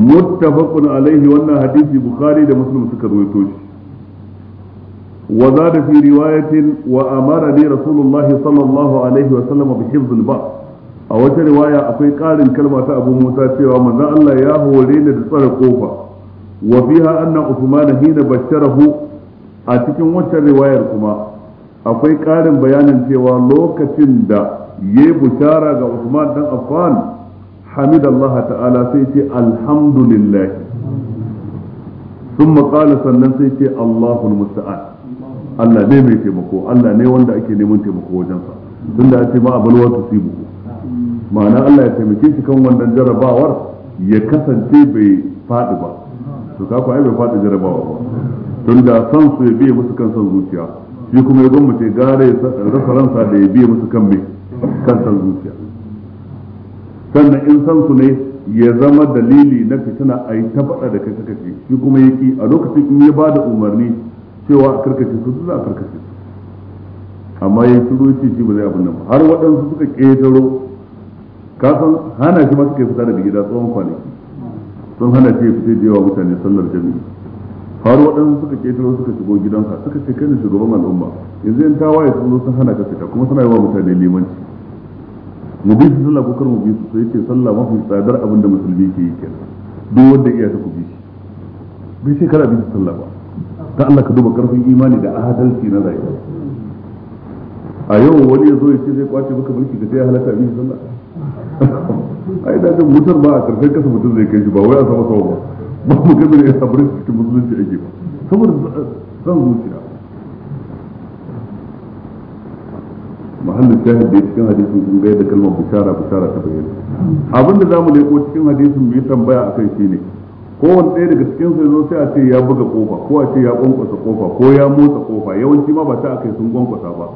muttafaqun alaihi wannan hadisi bukhari da muslim suka rawaito shi wa zada fi riwayatin wa amara ni rasulullah sallallahu alaihi wa sallam bi hifzil ba a wata riwaya akwai karin kalma ta abu musa cewa manzon Allah ya hore ni da tsare kofa wa fiha anna usman hina basharahu a cikin wata riwayar kuma akwai karin bayanin cewa lokacin da yayi bushara ga Usman dan Affan hamidallah ta'ala sai ce alhamdulillah thumma qala sannan sai ce Allahul musta'an Allah ne mai taimako Allah ne wanda ake neman taimako wajensa tunda ya ce ma abalwa tusibu ma'ana Allah ya taimake shi kan wannan jarabawar ya kasance bai fadi ba to ka ai bai faɗi jarabawa ba tunda san su ya biye musu kan son zuciya shi kuma ya gwamnati gare rasa ransa da ya biye musu kan mai kan san zuciya sannan in san su ne ya zama dalili na fitina a yi ta faɗa da kai karkace shi kuma ya ki a lokacin in ya ba da umarni cewa a karkace su za a karkace su amma ya shiru shi shi ba zai abin nan ba har waɗansu suka ƙetaro kasan hana shi ma kai fita daga gida tsawon kwanaki sun hana shi ya fita da yawa mutane sallar jami'i har waɗansu suka ƙetaro suka shigo gidansa suka ce kai ne shugaban al'umma yanzu in tawaye sun zo sun hana ka fita kuma suna yi wa mutane limanci mu bi su sallah ko kar mu bi su sai ce sallah mafi tsadar abin da musulmi ke yi kenan duk wanda iya ta ku bi shi bai sai kada bi su sallah ba ta Allah ka duba karfin imani da adalci na rayuwa a yau wani ya zo ya ce zai kwace maka mulki ka sai ya halaka bi su sallah ai da ga mutar ba a karfe kasa mutum zai kai shi ba wai a sama sama ba ba mu ga da ya saburin cikin musulunci ake ba saboda san zuciya mahallin shahid da cikin hadisin sun ga da kalmar bishara bishara ta bayyana abin da zamu leko cikin hadisin mu yi tambaya akan shi ne kowane ɗaya daga cikin sai zo sai a ce ya buga kofa ko a ce ya kwankwasa kofa ko ya motsa kofa yawanci ma ba ta akai sun kwankwasa ba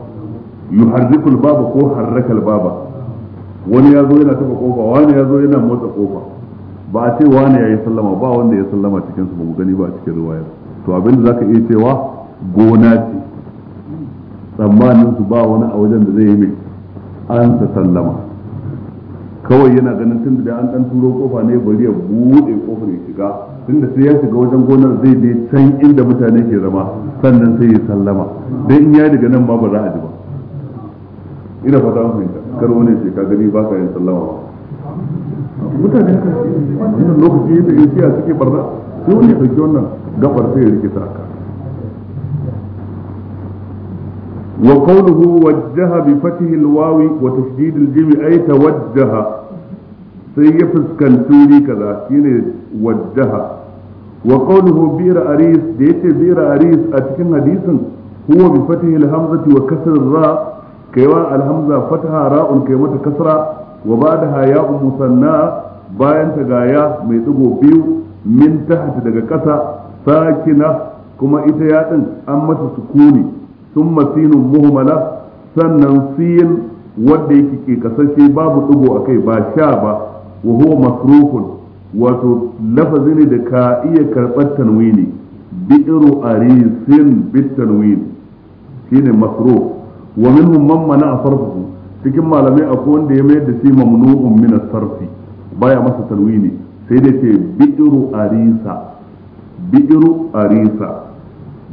yuharrikul baba ko harrakal baba wani ya zo yana taba kofa wani ya zo yana motsa kofa ba a ce wani ya yi sallama ba wanda ya sallama cikin su ba mu gani ba a cikin riwaya to abin da zaka iya cewa gona ce tsammanin su ba wani a wajen da zai yi mai an ta sallama kawai yana ganin tun da an dan turo kofa ne bari ya buɗe kofar ya shiga tun da sai ya shiga wajen gonar zai je can inda mutane ke zama sannan sai ya sallama dan in ya daga nan ma ba za a ji ba ina fata mun fahimta kar wani ce ka gani ba ka yin sallama ba mutane wannan lokaci da yake suke barna sai wani ya dauki wannan gabar sai ya rikita ka وقوله وجه بفتح الواو وتشديد الجيم أي توجه سيفز كنتوني كذا شيني وجه وقوله بير أريس ديت بير أريس أتكن حديثا هو بفتح الهمزة وكسر الراء كيوا الهمزة فتحها راء كيوة كسرة وبعدها ياء مثنى باين تغايا ميتبو بيو من تحت دقا كسا ساكنة كما إتياتا أمت سكوني thumma sinun muhmala sannan siyan wadda yake ke kasashe babu a kai ba sha ba wa huwa masrufun wato lafazi ne da ka iya karɓar tanwini bi'ru arisin bit tanwini shine masruf wa minhum man mana sarfuhu cikin malamai akwai wanda ya mayar da shi mamnu'un min sarfi baya masa tanwini sai dai ce bi'ru arisa bi'ru arisa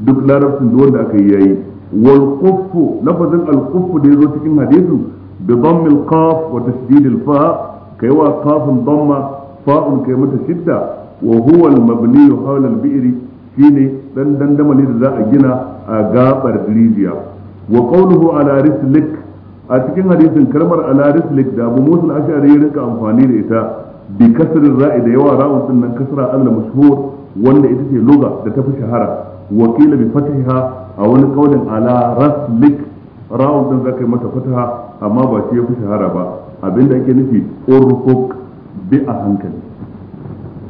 duk larabcin da wanda aka yi yayi wal khuffu lafazin al khuffu da yazo cikin hadisin bi dhamm al qaf wa tasdid al fa kaiwa fa'un kai mata shidda wa huwa al mabni hawla al shine dan dandamali da za a gina a gabar rijiya wa qawluhu ala rislik a cikin hadisin kalmar ala rislik da Abu Musa al-Ash'ari ya amfani da ita bi kasrin ra'i da yawa ra'un din nan kasra al mashhur wanda ita ce lugha da ta fi shahara wa qila bi a wani kaulin ala raslik rawun din zaka mata fataha amma ba shi fi shahara ba abinda ake nufi urfuk bi a hankali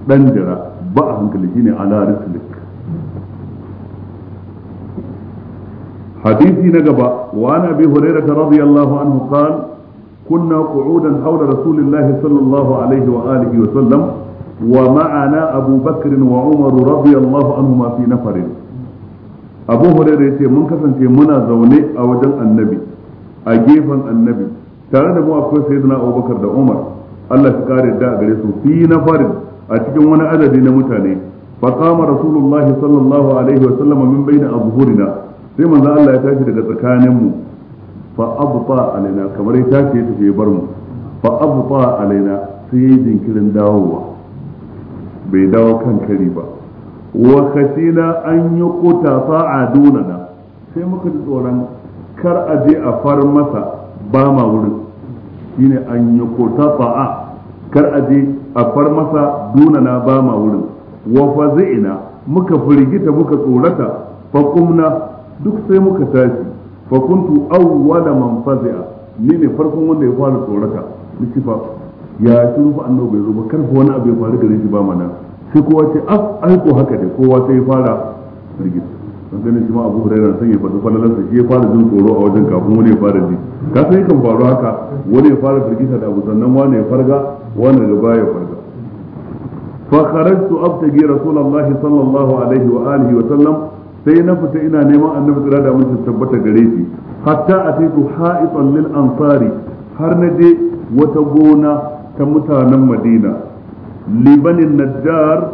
dan jira ba a hankali shine ala raslik حديثي نقبة وعن أبي هريرة رضي الله عنه قال كنا قعودا حول رسول الله صلى الله عليه وآله وسلم ومعنا أبو بكر وعمر رضي الله عنهما في نفر abu hurairah yace mun kasance muna zaune a wajen annabi a gefen annabi tare da mu akwai sayyidina abubakar da umar Allah ya kare da gare su fi farin. a cikin wani adadi na mutane fa qama rasulullahi sallallahu alaihi wa min bayna azhurina sai manzo Allah ya tashi daga tsakanin mu fa abta alaina kamar ya tashi ya tafi bar mu fa abta alaina sai jinkirin dawowa bai dawo kan kari ba wa kasila an yuqta dunana, sai muka ji tsoron kar a je a far masa ba ma wurin shine an yuqta fa'a kar a je a far masa dunana ba ma wurin wa ina muka firgita muka tsorata fa kumna duk sai muka tashi fa kuntu awwala man fazi'a ni ne farkon wanda ya fara tsorata ni ya shiru fa annabi bai zo ba kar fa wani abu ya faru gare shi ba mana sai kowa ce a ah, ai ko haka dai kowa sai ya fara firgita don ganin shi ma abu hurairu san ya faɗi falalarsa shi ya fara jin tsoro a wajen kafin wani ya fara ji ka san yakan faru haka wani ya fara firgita da abu sannan wani ya farga wani daga baya ya farga fa kharajtu abtagi rasulullahi sallallahu alaihi wa alihi wa sallam sai na fita ina neman annabi tsira da mun tabbata gare shi hatta ataitu haifan lil ansari har na je wata gona ta mutanen madina libanin najjar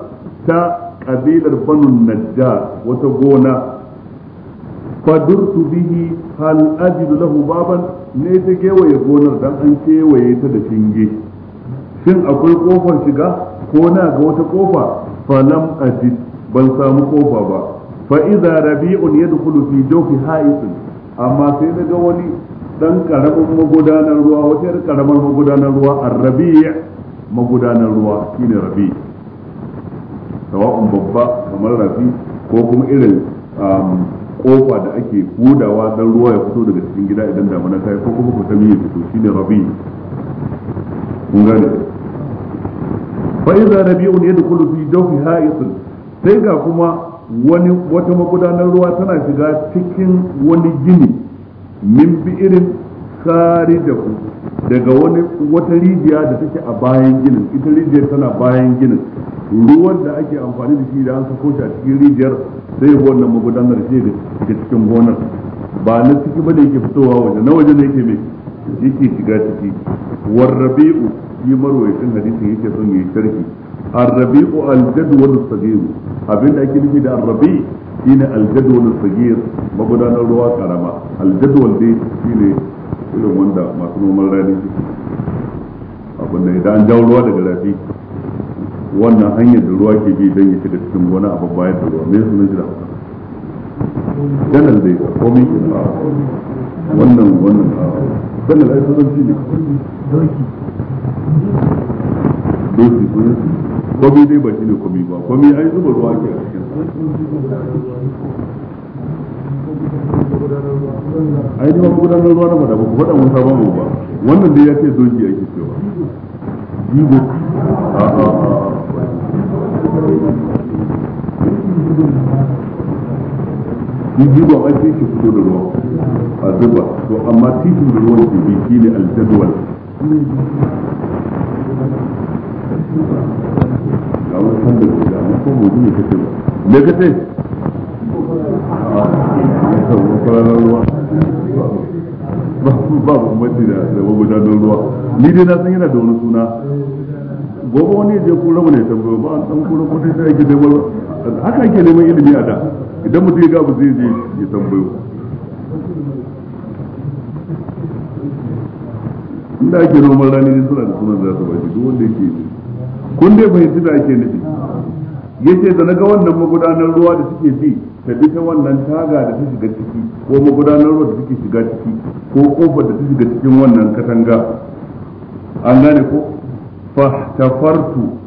ta kabilar banun najjar wata gona fadurtu bihi hal ajidu lahu baban ne ta kewaye gonar dan an kewaye ta da shinge shin akwai kofar shiga ko na ga wata kofa falam ajid ban samu kofa ba fa idza rabi'un yadkhulu fi jawfi ha'isin amma sai na ga wani dan karamin magudanar ruwa wata karamar magudanar ruwa ar-rabi' magudanar ruwa shine rabi sawa'un babba kamar rafi ko kuma irin kofa um, da ake hudawa don ruwa ya fito daga cikin gida idan damuna ta yi ko kuma kutami ya fito shine rabi kun gane fa idza rabi'un yadkhulu fi dawfi ha'it sai ga kuma wani wata magudanar ruwa tana shiga cikin wani gini min irin. ku daga wani wata rijiya da take a bayan ginin ita rijiyar tana bayan ginin ruwan da ake amfani da shi da an sako shi a cikin rijiyar sai ga wannan magudanar ce da cikin gonar ba na ciki ba da yake fitowa waje na waje ne yake mai yake shiga ciki warrabi'u shi marwayatin hadisi yake son yi sharhi الربيع الجدول sagir abin da ake nufi da arrabi shine aljadwal sagir magudanar ruwa karama aljadwal dai shine irin wanda masu noman rani abin da idan an jawo ruwa daga rafi wannan hanyar da ruwa ke bi don ya shiga cikin gona a babbayar da ruwa mai sunan jira janar da ya komi ina wannan wannan janar ai sunan shi ne doki doki komi dai ba shi ne komi ba komi ai zuba ruwa ke a cikin ai ji magudanar ruwa na madafa ku faɗa mun sabon abu ba wannan dai ya ce doki ake cewa jigo a a a jigo a ce ke fito da ruwa a zuba to amma titin da ruwan ke bi shi ne aljadwal ga wani sanda ga wani kuma mutum ne kake ba me kace kwararar ruwa ba da ruwa ni dai na san yana da wani suna gobe wani ya je kura ba an san kura kudin sai ake neman haka ake neman ilimi a da idan mutum ya ga zai je ya tambayo inda ake noman rani ne suna da sunan za su bashi duk wanda yake kun dai fahimci da ake nufi yace da na ga wannan magudanar ruwa da suke bi ta bi ta wannan taga da ta shiga ciki ko magudanarwa da take shiga ciki ko kofar da ta shiga cikin wannan katanga an gane ko fahtafartu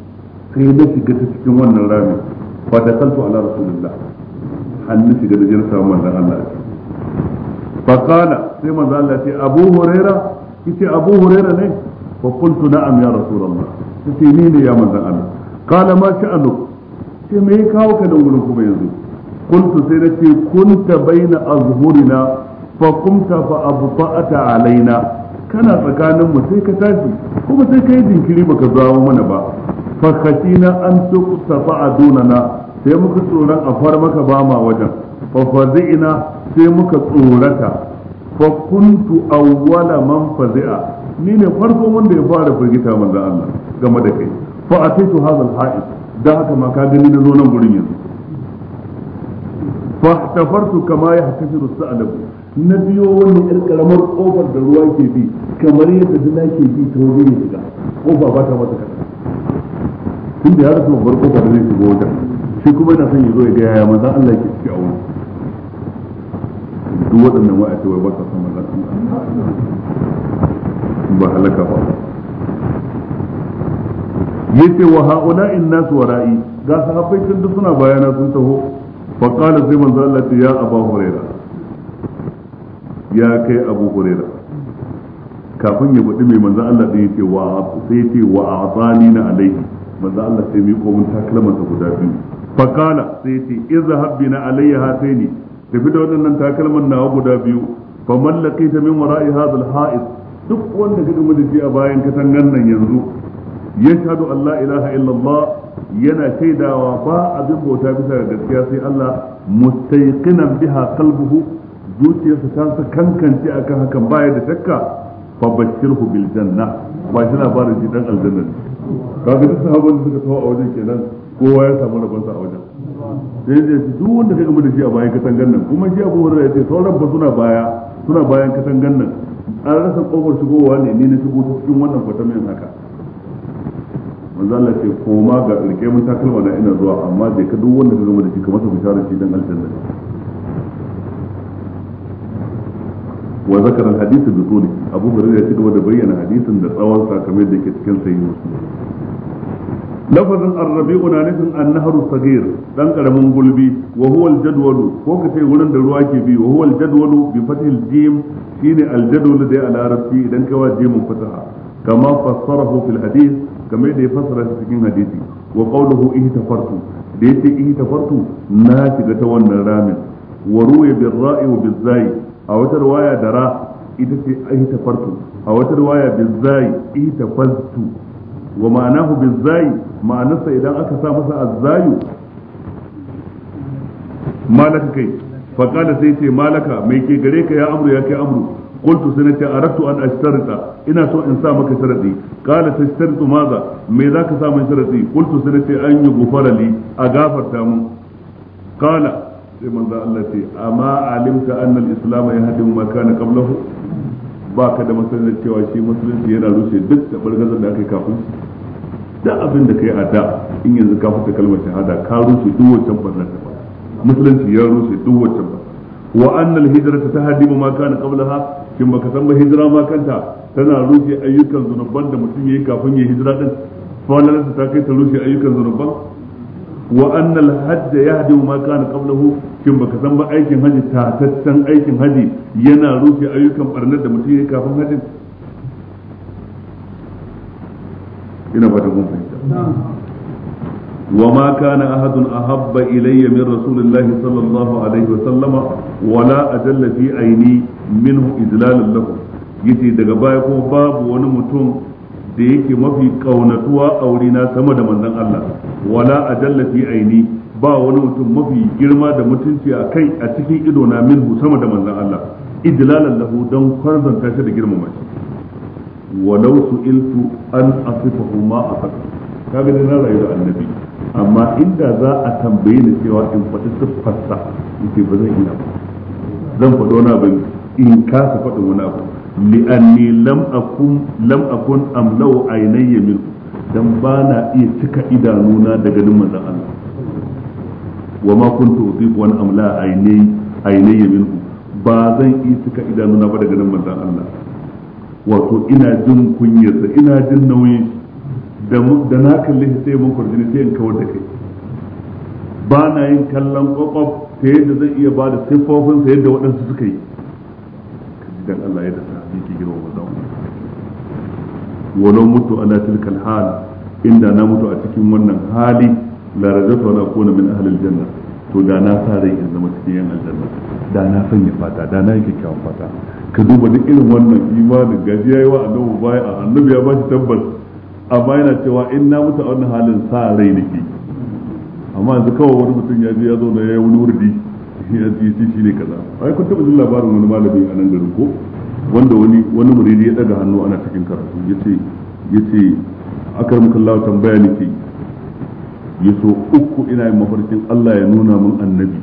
sai da shiga ta cikin wannan rami fa da kaltu ala rasulillah hannu shiga da jirsa wannan Allah fa kana sai manzon Allah ce Abu Huraira ita Abu Huraira ne fa qultu na'am ya rasulullah yace ni ne ya manzon Allah kana ma sha'anuk sai me ya kawo ka da wurin kuma yanzu kuntu sai na ce kunta baina azhurina fa kumta fa abta'ata alaina kana tsakanin mu sai ka tashi kuma sai kai jinkiri baka zawo mana ba fa khashina an tuqtafa adunana sai muka tsoron a far maka ba wajen fa fazi'ina sai muka tsorata fa kuntu awwala man fazi'a ni ne farko wanda ya fara firgita manzo Allah game da kai fa ataitu hadha al haka ma ka gani na zonan nan gurin fahtafartu kama ya a sa'alabu na biyo wani yar karamar kofar da ruwa ke bi kamar yadda dina ke bi ta wajen ya shiga kofa ba ta mata kasa tun da ya rasa babbar kofa da zai shiga wajen shi kuma yana son ya zo ya ga ya manzan Allah ke ciki a wani duk waɗannan wa'ace wai ba sa son manzan ba halaka ba yace wa ha'ula'in nasu wara'i ga sahabbai tun duk suna bayana sun taho fa qala sai manzo Allah ya Abu Huraira ya kai Abu Huraira kafin ya faɗi mai manzo Allah din yace wa sai yace wa a'tani na alaihi manzo Allah sai mai komun takalman guda biyu fa qala sai yace izhab bina alayya hataini tafi da waɗannan takalman nawa guda biyu fa ta min wara'i hadha al-ha'is duk wanda ka gama da shi a bayan katangan nan yanzu yashhadu an la ilaha illallah yana shaidawa ba abin bauta bisa ga gaskiya sai Allah mustaiqinan biha qalbuhu zuciyarsa ta sa kankance akan hakan baya da shakka fa bashirhu bil janna ba shi fara ji dan aljanna kaga duk sahabban suka tawo a wajen kenan kowa ya samu rabon sa a wajen sai ya ce duk wanda ka gama da shi a bayan katangan nan kuma shi Abu Hurairah ya ce sauran ba suna baya suna bayan katangan nan an rasa kofar shigowa ne ni na shigo cikin wannan kwatamin haka manzo Allah ce koma ga rike mun takalma na ina zuwa amma bai ka duk wanda ka gama da shi kamar masa bishara shi dan aljanna wa zakara alhadith bi tuli abu hurairah ya ci gaba da bayyana hadisin da tsawon sakamai da ke cikin sahih muslim lafazin arrabi'u na nufin annaharu sagir dan karamin gulbi wa huwa aljadwalu ko ka ce wurin da ruwa ke bi wa huwa aljadwalu bi fathil jim shine aljadwalu da ya larabci idan kawa jimin fataha kama fassarahu fil hadith kamar da ya fassara shi cikin hadisi wa qawluhu ihtafartu da yace ihtafartu na shiga ta wannan ramin wa ruwa bil ra'i wa bil zai a wata riwaya da ra ita ce ihi ihtafartu a wata riwaya bil zai ihtafaltu wa ma'anahu bil zai ma'anarsa idan aka sa masa azzayu malaka kai fa sai ce malaka mai ke gare ka ya amru ya kai amru qultu sai nace aradtu an ina so in sa maka sharadi qala tashtaritu maza me zaka sa min sharadi qultu sai nace an yi gufara li a gafarta mu qala sai manzo Allah ce amma alimta anna al-islam yahdimu ma ba ka da masanin cewa shi musulunci yana rushe duk da bargazar da aka yi kafin da abin da ka yi a da in yanzu ka fita kalmar shahada ka rushe duk wancan barnar ta musulunci ya rushe duk wancan ba wa annal hijrata tahdimu ma kana qablaha shin baka san ba hijira ma kanta tana rushe ayyukan zunuban da mutum yayi kafin ya hijira din falalarsa ta kai ta rushe ayyukan zunuban wa annal hajj yahdi ma kana qablahu shin baka san ba aikin haji tatattan aikin haji yana rushe ayyukan barnar da mutum yayi kafin hajjin ina fata kun fahimta وما كان أحد أحب إلي من رسول الله صلى الله عليه وسلم ولا أجل في عيني منه إجلالا له yace daga baya kuma babu wani mutum da yake mafi kaunatuwa a wurina sama da manzon Allah wala ajalla fi aini ba wani mutum mafi girma da mutunci a kai a cikin ido na minhu sama da manzon Allah idlalan lahu dan kwarzanta shi da girmama shi walau su'iltu na rayu da annabi amma inda za a tambaye ni cewa in faɗi siffarsa yake ba zan iya ba zan faɗo na abu in kasa faɗin wani abu li'anni lam akun lam akun amlau aynayya min dan ba na iya cika idanuna da ganin manzon Allah wa ma kuntu utiqu wani amla aynayya aynayya min ba zan iya cika idanuna ba da ganin manzon Allah wato ina jin kunyarsa ina jin nauyin da na kalli shi sai mun kwarjini sai in kawar da kai ba na yin kallon kwakwaf ta yadda zai iya ba da siffofin sa yadda waɗansu suka yi dan Allah ya da sa yake girma ba zan walau mutu ala tilkal hal inda na mutu a cikin wannan hali la rajatu ala kuna min ahli aljanna to da na sa rai in zama cikin yan aljanna da na sanya fata da na yi kyakkyawan fata ka duba duk irin wannan imanin gajiya yawa annabi baya annabi ya ba shi tabbas amma yana cewa in na mutu a wani halin sa rai nake amma yanzu kawai wani mutum ya je ya zo da ya wani wurdi ya ji shi ne kaza ai kun taɓa jin labarin wani malami a nan garin ko wanda wani wani muridi ya daga hannu ana cikin karatu yace yace akar mukallawa tambaya nake yaso uku ina yin mafarkin Allah ya nuna min annabi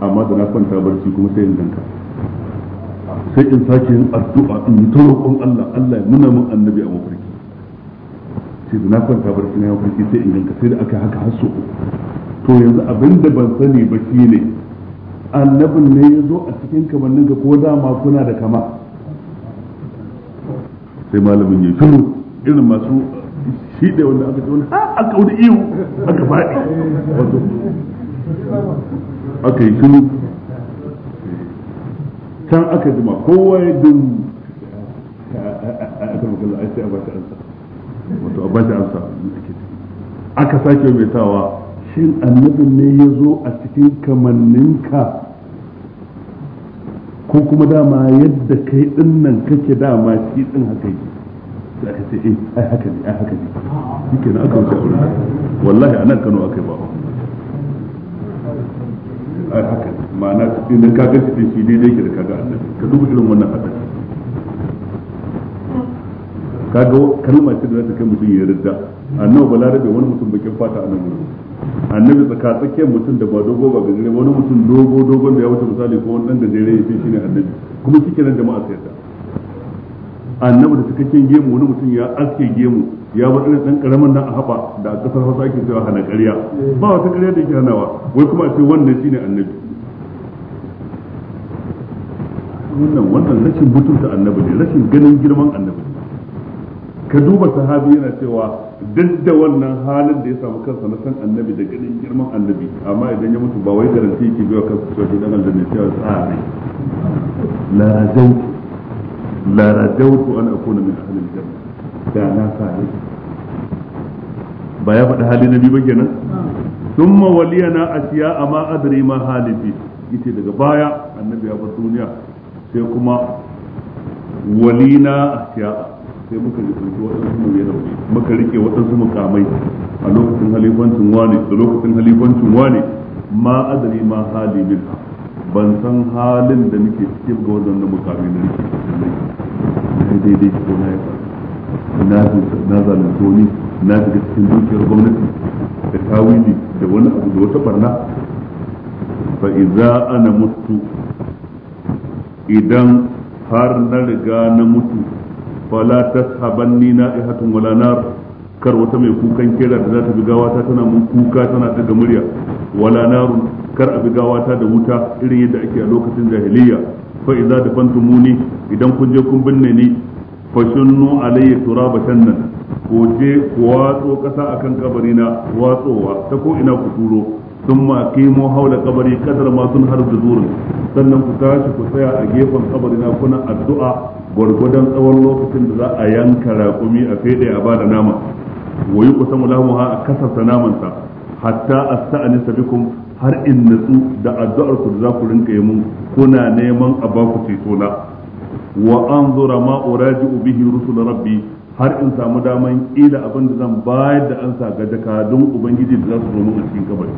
amma da na kwanta barci kuma sai in danka sai in sake yin addu'a in yi roƙon Allah Allah ya nuna min annabi a mafarki sai da na kwanta barci na yau farki sai in sai da aka haka har to yanzu abin da ban sani ba shi ne annabin ne ya zo a cikin kamannin ka ko dama kuna da kama sai malamin ya shuru irin masu shi da wanda aka ce wani ha aka wani iyo aka faɗi wato aka yi shuru can aka jima kowa ya dun a kan kallon a a ba ta ansa wato a bashi amsa aka sake metawa tawa shin annabin ne ya zo a cikin kamanninka ko kuma dama yadda kai din nan kake dama shi din haka yake da aka ce eh ai haka ne ai haka ne shike na aka wuce wallahi anan nan Kano akai ba ai haka ma'ana idan ka ga shi daidai ke da kaga annabi ka duba irin wannan hadisi kaga kalma ce da za ta kai mutum ya rida annabi balarabe wani mutum bakin fata a nan wurin annabi tsaka tsakiyar mutum da ba dogo ba gajere wani mutum dogo dogon da ya wuce misali ko wani dan gajere ya shi shine annabi kuma shi kenan jama'a sai ta annabi da cikakken gemu wani mutum ya aske gemu ya bar irin dan karaman nan a haɓa da a kasar Hausa ake cewa hana ƙarya ba wata ƙarya da yake hanawa wai kuma a ce wannan shine annabi wannan wannan rashin mutunta annabi ne rashin ganin girman annabi ka duba sahabi yana cewa duk da wannan halin da ya samu kansa na san annabi da ganin girman annabi amma idan ya mutu ba wai garanti yake biya kansa cewa shi dan aljanna cewa sahabi la rajautu la rajautu an akuna min ahli aljanna da na sahi ba ya faɗi hali na biyu ba kenan thumma waliyana asiya amma adri ma halifi yace daga baya annabi ya bar duniya sai kuma walina asiya sai muka rike waɗansu mu yana muka rike waɗansu mukamai a lokacin halifancin wane da lokacin halifancin wane ma azali ma hali min. ban san halin da nake cikin ga wannan mukamai na rike na daidai ko na yi na zalunta wani na shiga cikin dukiyar gwamnati da tawili da wani abu da wata barna fa idza ana mutu idan har na riga na mutu fala tashabanni na'ihatun wala nar kar wata mai kukan kera da za ta bi gawata tana mun kuka tana daga murya wala kar a bi gawata da wuta irin yadda ake a lokacin jahiliya fa idza dafantumuni idan kun je kun binne ni fa shunnu alayya turaba nan. ko je ku watso kasa akan kabari na watsowa ta ko ina ku turo sun ma kimo haula kabari kadar ma sun har da zurin sannan ku tashi ku tsaya a gefen kabari na kuna addu'a gwargwadon tsawon lokacin da za a yanka raƙumi a fede a bada nama wa yi kusa mulamuha a kasarsa namansa hatta a bikum har in natsu da addu'ar ku da za ku rinka yi mun kuna neman a ba ku ceto na wa an zura ma uraji'u bihi rusul rabbi har in samu daman ila abin da zan bayar da ansa ga jakadun ubangiji da za su zo mun a cikin kabari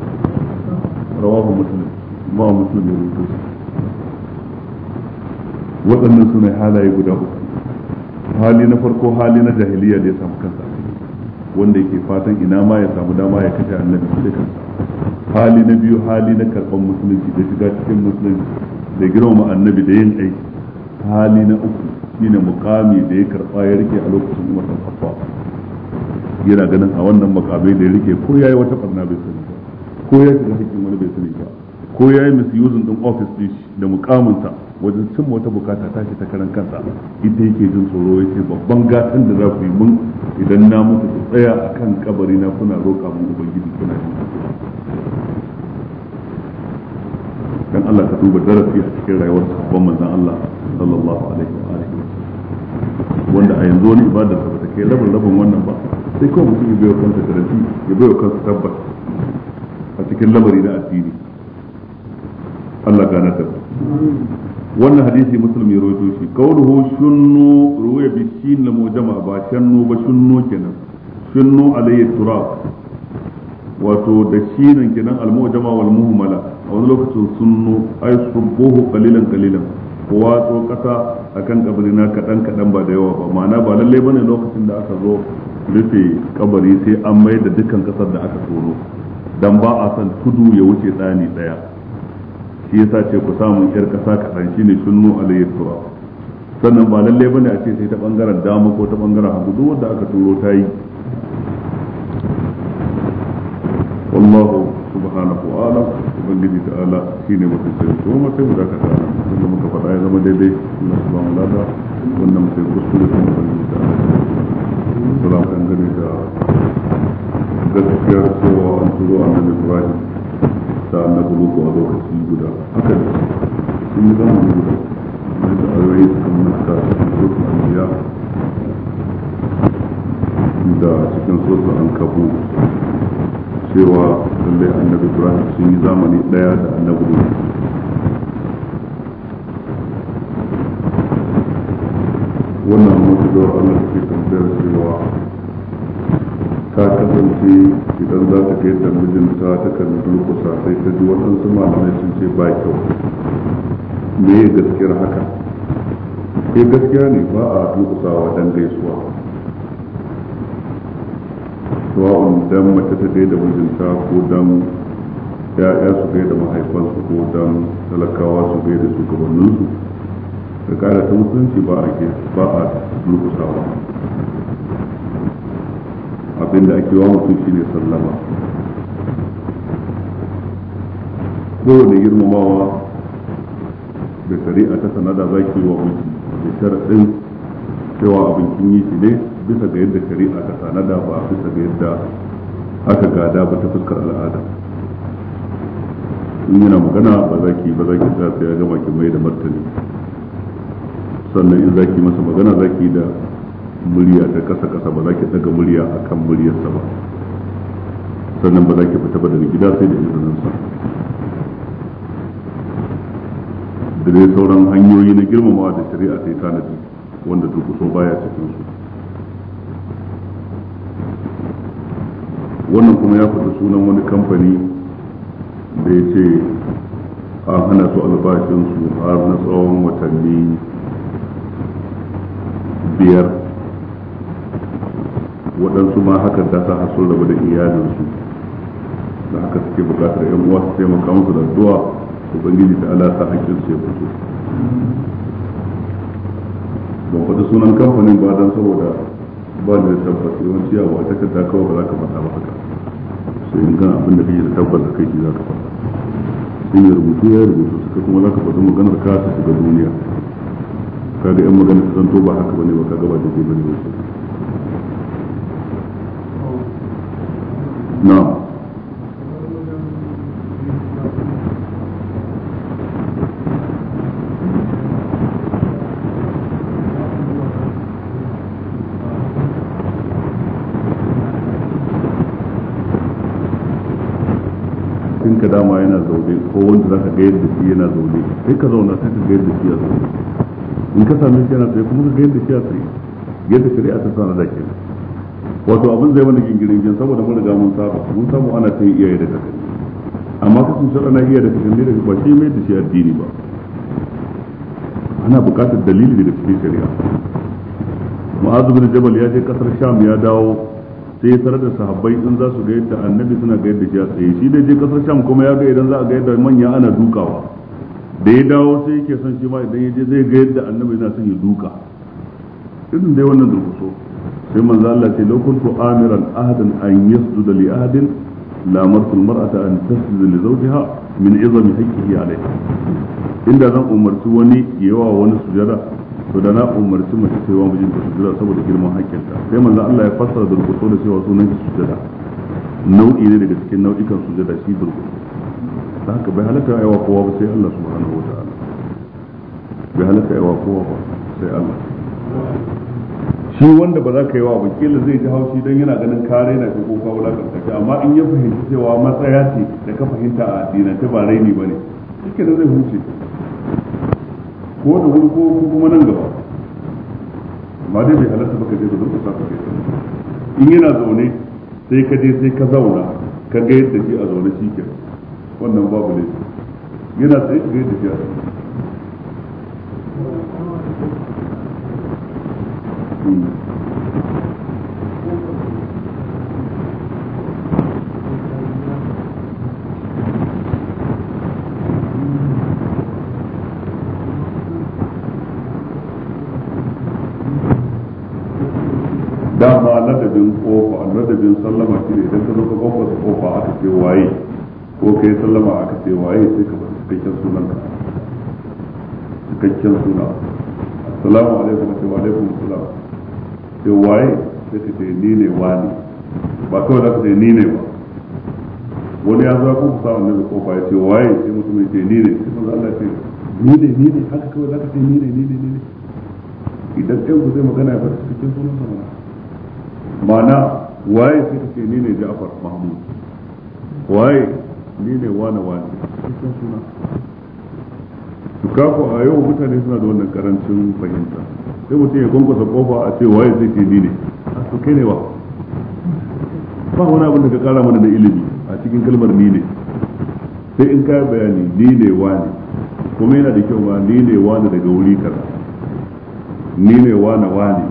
rawahu muslim ma muslim ya rubuta waɗannan su ne halaye guda uku hali na farko hali na jahiliya da ya samu kansa wanda yake fatan ina ma ya samu dama ya kashe annabi da kansa hali na biyu hali na karɓar musulunci da shiga cikin musulunci da girmama annabi da yin aiki hali na uku shine mukami da ya karɓa ya rike a lokacin umar da kafa yana ganin a wannan mukamai da ya rike ko ya yi wata barna bai sani ba ko ya shiga hakkin wani bai sani ba ko yayi misusing din ofis din da mukaminsa wajen cin wata bukata ta ce ta karan kansa ita yake jin tsoro ce babban gatan da za ku yi mun idan na mutu ku tsaya a kan kabari na kuna roƙa mun ubangiji kuna jin dan Allah ka duba darasi a cikin rayuwar sabon manzon Allah sallallahu alaihi wa alihi wanda a yanzu wani ibadar ba ta kai rabin rabin wannan ba sai kawai mutum ya bayar kansa darasi ya bayar kansa tabbas a cikin lamari na addini Allah gane ta wannan hadisi muslim ya rawaito shi qawluhu shunnu ruwaya bi shin la mujama ba shannu ba shunnu kenan shunnu alayhi turab wato da shinan kenan al mujama wal muhmala a wani lokacin sunnu ay subbuhu qalilan qalilan watso kasa akan kabarina kaɗan kaɗan ba da yawa ba ma'ana ba lalle bane lokacin da aka zo rufe kabari sai an mai da dukkan kasar da aka tono dan ba a san tudu ya wuce tsani ɗaya. shi yasa ce ku samu yar kasa kaɗan shi ne sunnu turab sannan ba lalle bane a ce sai ta bangaren dama ko ta bangaren hagu duk wanda aka turo ta yi wallahu subhanahu wa ta'ala ubangiji ta'ala shine mutum sai ko ma sai mu daka ta wanda muka faɗa ya zama daidai Allah subhanahu wa ta'ala wannan sai kuskure kuma ubangiji ta'ala salamu dangane da gaskiyar cewa an turo annabi Ibrahim sa'an na bulu a lokaci guda haka da sun yi zama ne guda mai da kan mata cikin sosu anbiya da cikin sosu an kabu cewa lallai annabi ibrahim sun yi zamani daya da annabi lutu wannan mutu Allah ta kasance idan za ta kai da mijinta ta kan durkusa sai ta ji waɗansu malamai sun ce ba kyau me ya gaskiyar haka ke eh, gaskiya ne ba a durkusawa don gaisuwa sawa'un dan mace ta kai da mijinta ko dan ya'ya su kai da mahaifansu ko dan talakawa su kai da shugabanninsu da kara ta mutunci ba a durkusawa abin da ake wa mutum shi ne sallama kowane girmamawa da a ta sanada za ki wa mutum da sharaɗin cewa abincin yi shi ne bisa ga yadda shari'a ta da ba bisa ga yadda aka gada ba ta fuskar al'ada in yana magana ba za ki ba za ki sa sai ya gama ki mai da martani sannan in za ki masa magana za ki da murya ta kasa kasa ba za ki daga murya a akan muryarsa ba sannan ba za ki fita ba daga gida sai da izinin sa da dai sauran hanyoyi na girmamawa da shari'a ta yi tanadi wanda dukuso baya cikin su wannan kuma ya fita sunan wani kamfani da ya ce a hana su albashinsu har na tsawon watanni biyar waɗansu ma hakan ta sa hasul rabu da iyalinsu da haka suke buƙatar yan uwa su taimaka musu da addu'a ubangiji ta ala sa hakkin su ya fito ba faɗi sunan kamfanin ba don saboda ba da tabbas ciya yawa ta takarda kawai ba za ka fata ba haka sai in gan abin da kake da tabbas kai shi za ka fata sun yi rubutu ya rubutu suka kuma za ka faɗi maganar ka su shiga duniya kaga yan magana su zanto ba haka bane ba kaga ba daidai bane ba na'am dama yana zaune ko wanda zaka ga yadda shi yana zaune sai ka zauna sai ka ga yadda shi ya zaune in ka same shi yana tsaye kuma ka ga yadda shi ya tsaye yadda shari'a ta da kenan wato abin zai mana gingirin saboda mun riga mun saba mun samu ana ta yi iyaye da kakanni amma kasan shar ana iya da ne daga ba shi mai da shi addini ba ana buƙatar dalili da cikin shari'a ma'azu bin jabal ya je kasar sham ya dawo sai tare da sahabbai in za su ga yadda annabi suna ga yadda shi a tsaye shi dai je kasar sham kuma ya ga idan za a ga yadda manya ana dukawa da ya dawo sai yake son shi ma idan ya je zai ga yadda annabi yana son ya duka irin dai wannan durkuso sai manzo Allah ce lokuntu amiran ahadan an yasjuda li ahadin la marsul mar'ata an tasjuda li zawjiha min izami haqqihi alayha inda zan umarci wani yawa wani sujada to da na umarci mace ta yawa mijinta sujada saboda girman hakkinta sai manzo Allah ya fassara durkuso da cewa sunan shi sujada nau'i ne daga cikin nau'ikan sujada shi durkuso da haka bai halatta yawa kowa ba sai Allah subhanahu wa ta'ala bai halatta kowa ba sai Allah shi wanda ba za ka yi wa wakila zai ji haushi don yana ganin kare na shi kofa ka wulakanta shi amma in ya fahimci cewa matsaya ce da ka fahimta a addinance ba raini ba ne da zai huce ko da wuri ko kuma nan gaba amma dai bai halatta baka je gudun kusa ka kai in yana zaune sai ka je sai ka zauna ka ga yadda shi a zaune shi ke wannan babu ne yana sai ka ga yadda shi a zaune dama ladabin kofa ladabin sallama shi ne idan ka zo ka kofa kofa aka ce waye ko ka yi sallama aka ce waye sai ka faɗi cikakken sunan ka cikakken suna assalamu alaikum wa alaikum assalam ce waye sai ka ce ni ne wani ba kawai za ka ce ni ne ba wani ya zaku ku sa annabi kofa ya ce waye sai mutum ya ce ni ne sai manzo Allah ce ni ne ni ne haka kawai zaka ka ce ni ne ni ne ni ne idan kai ku zai magana ya su cikin sunan sa mana waye sai ka ce ni ne Ja'far Mahmud waye ni ne wa wani cikin sunan to kafin a yau mutane suna da wannan karancin fahimta sai mutum ya kwankwasa kofa a ce waye zai ce ni ne a su kai ne ba. ba wani abin da ka kara mana da ilimi a cikin kalmar ni ne sai in ka bayani ni ne wa ne kuma yana da kyau ba ni ne wa ne daga wuri kaza ni ne wa na wa ne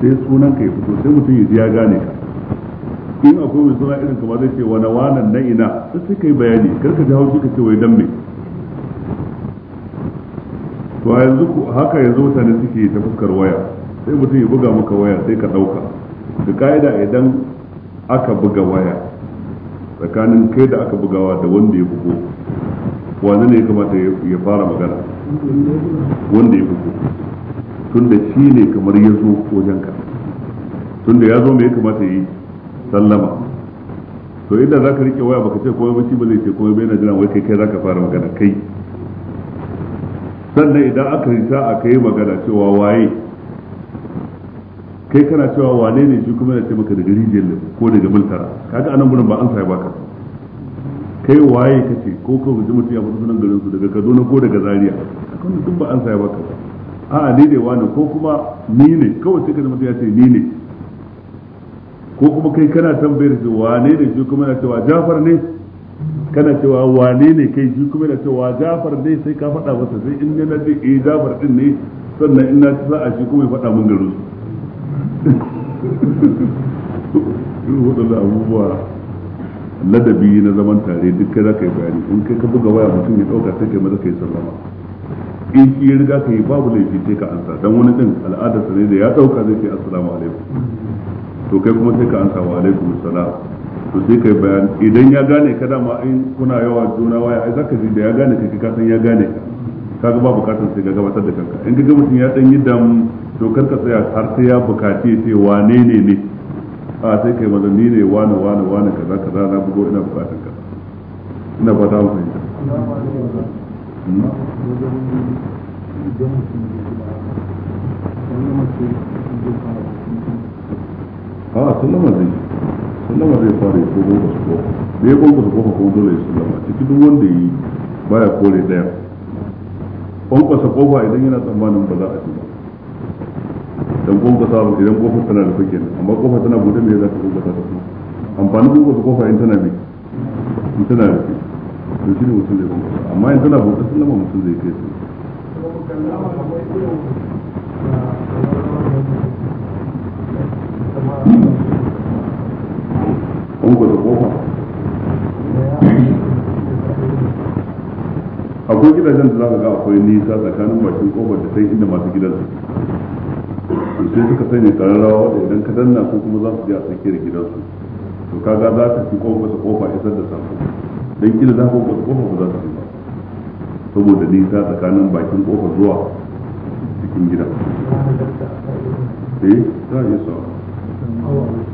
sai sunan ka ya fito sai mutum ya ji ya gane ka in akwai mai suna irin kamar zai ce wani wanan na ina sai kai bayani kar ka ji haushi ka ce wai dan me to a yanzu haka yanzu mutane suke ta fuskar waya sai mutum ya buga maka waya sai ka ɗauka da ka'ida idan aka buga waya tsakanin kai da aka bugawa da wanda ya bugo wanda ne ya kamata ya fara magana wanda ya bugo tun da shi ne kamar ya zo wajenka tun da ya zo mai ya kamata ya yi sallama to idan za ka rike waya baka ce kowai ba shi ba zai ce kowai bai na jiran wai kai kai za ka fara magana kai sannan idan aka yi sa'a ka yi magana cewa waye kai kana cewa wane ne shi kuma yana ce maka daga rijiyar lemu ko daga multara kaga anan gurin ba an sa baka kai waye kace ko ka guji mutum ya fito sunan garin su daga Kaduna ko daga Zaria akwai duk ba an sa baka a'a a ne wani ko kuma ni ne kawai sai ka mutum ya ce ni ne ko kuma kai kana tambayar da wane ne shi kuma yana cewa Jafar ne kana cewa wane ne kai shi kuma da cewa Jafar dai sai ka faɗa masa sai in yana ji eh Jafar din ne sannan in na ci sa'a shi kuma ya faɗa min garin su waɗanda abubuwa ladabi na zaman tare duk kai za ka yi bayani in kai ka buga waya mutum ya ɗauka sai kai maza ka yi sallama in shi ya riga ka yi babu laifi sai ka ansa dan wani din al'adarsa ne da ya ɗauka zai ce assalamu alaikum to kai kuma sai ka ansa wa alaikum salam to sai kai bayan idan ya gane ka dama in kuna yawa juna waya ai zaka ji da ya gane ka ka san ya gane ka ga ba bukatar sai ka gabatar da kanka in ga mutum ya dan yi dam to kar ka tsaya har sai ya bukaci sai wane ne ne a sai kai ni ne wane wane wane kaza kaza na bugo ina bukatar ka ina fata mu fahimta hmm? a sallama zai sallama zai fara ya kogo su kofa da ya kogo su kofa kuma dole ya sallama ciki duk wanda yi baya kore daya kwankwasa kofa idan yana tsammanin ba za a ci ba dan kwankwasa idan kofa tana da fake ne amma kofa tana bude mai za ka kwankwasa ta kuma amfanin kwankwasa kofa in tana bi in tana rufe to shi ne mutum zai kwankwasa amma in tana bude sallama mutum zai kai su Thank you. kun ku kofa akwai gidajen da za ka ga akwai nisa tsakanin bakin kofar da sai inda masu gidan su sai suka sanya kararrawa da idan ka danna ko kuma za su je a tsakiyar gidansu to kaga za ka fi kofar da kofa isar da sako dan kila za ka kofar kofa ba za su ba saboda nisa tsakanin bakin kofar zuwa cikin gida eh za a yi sa'a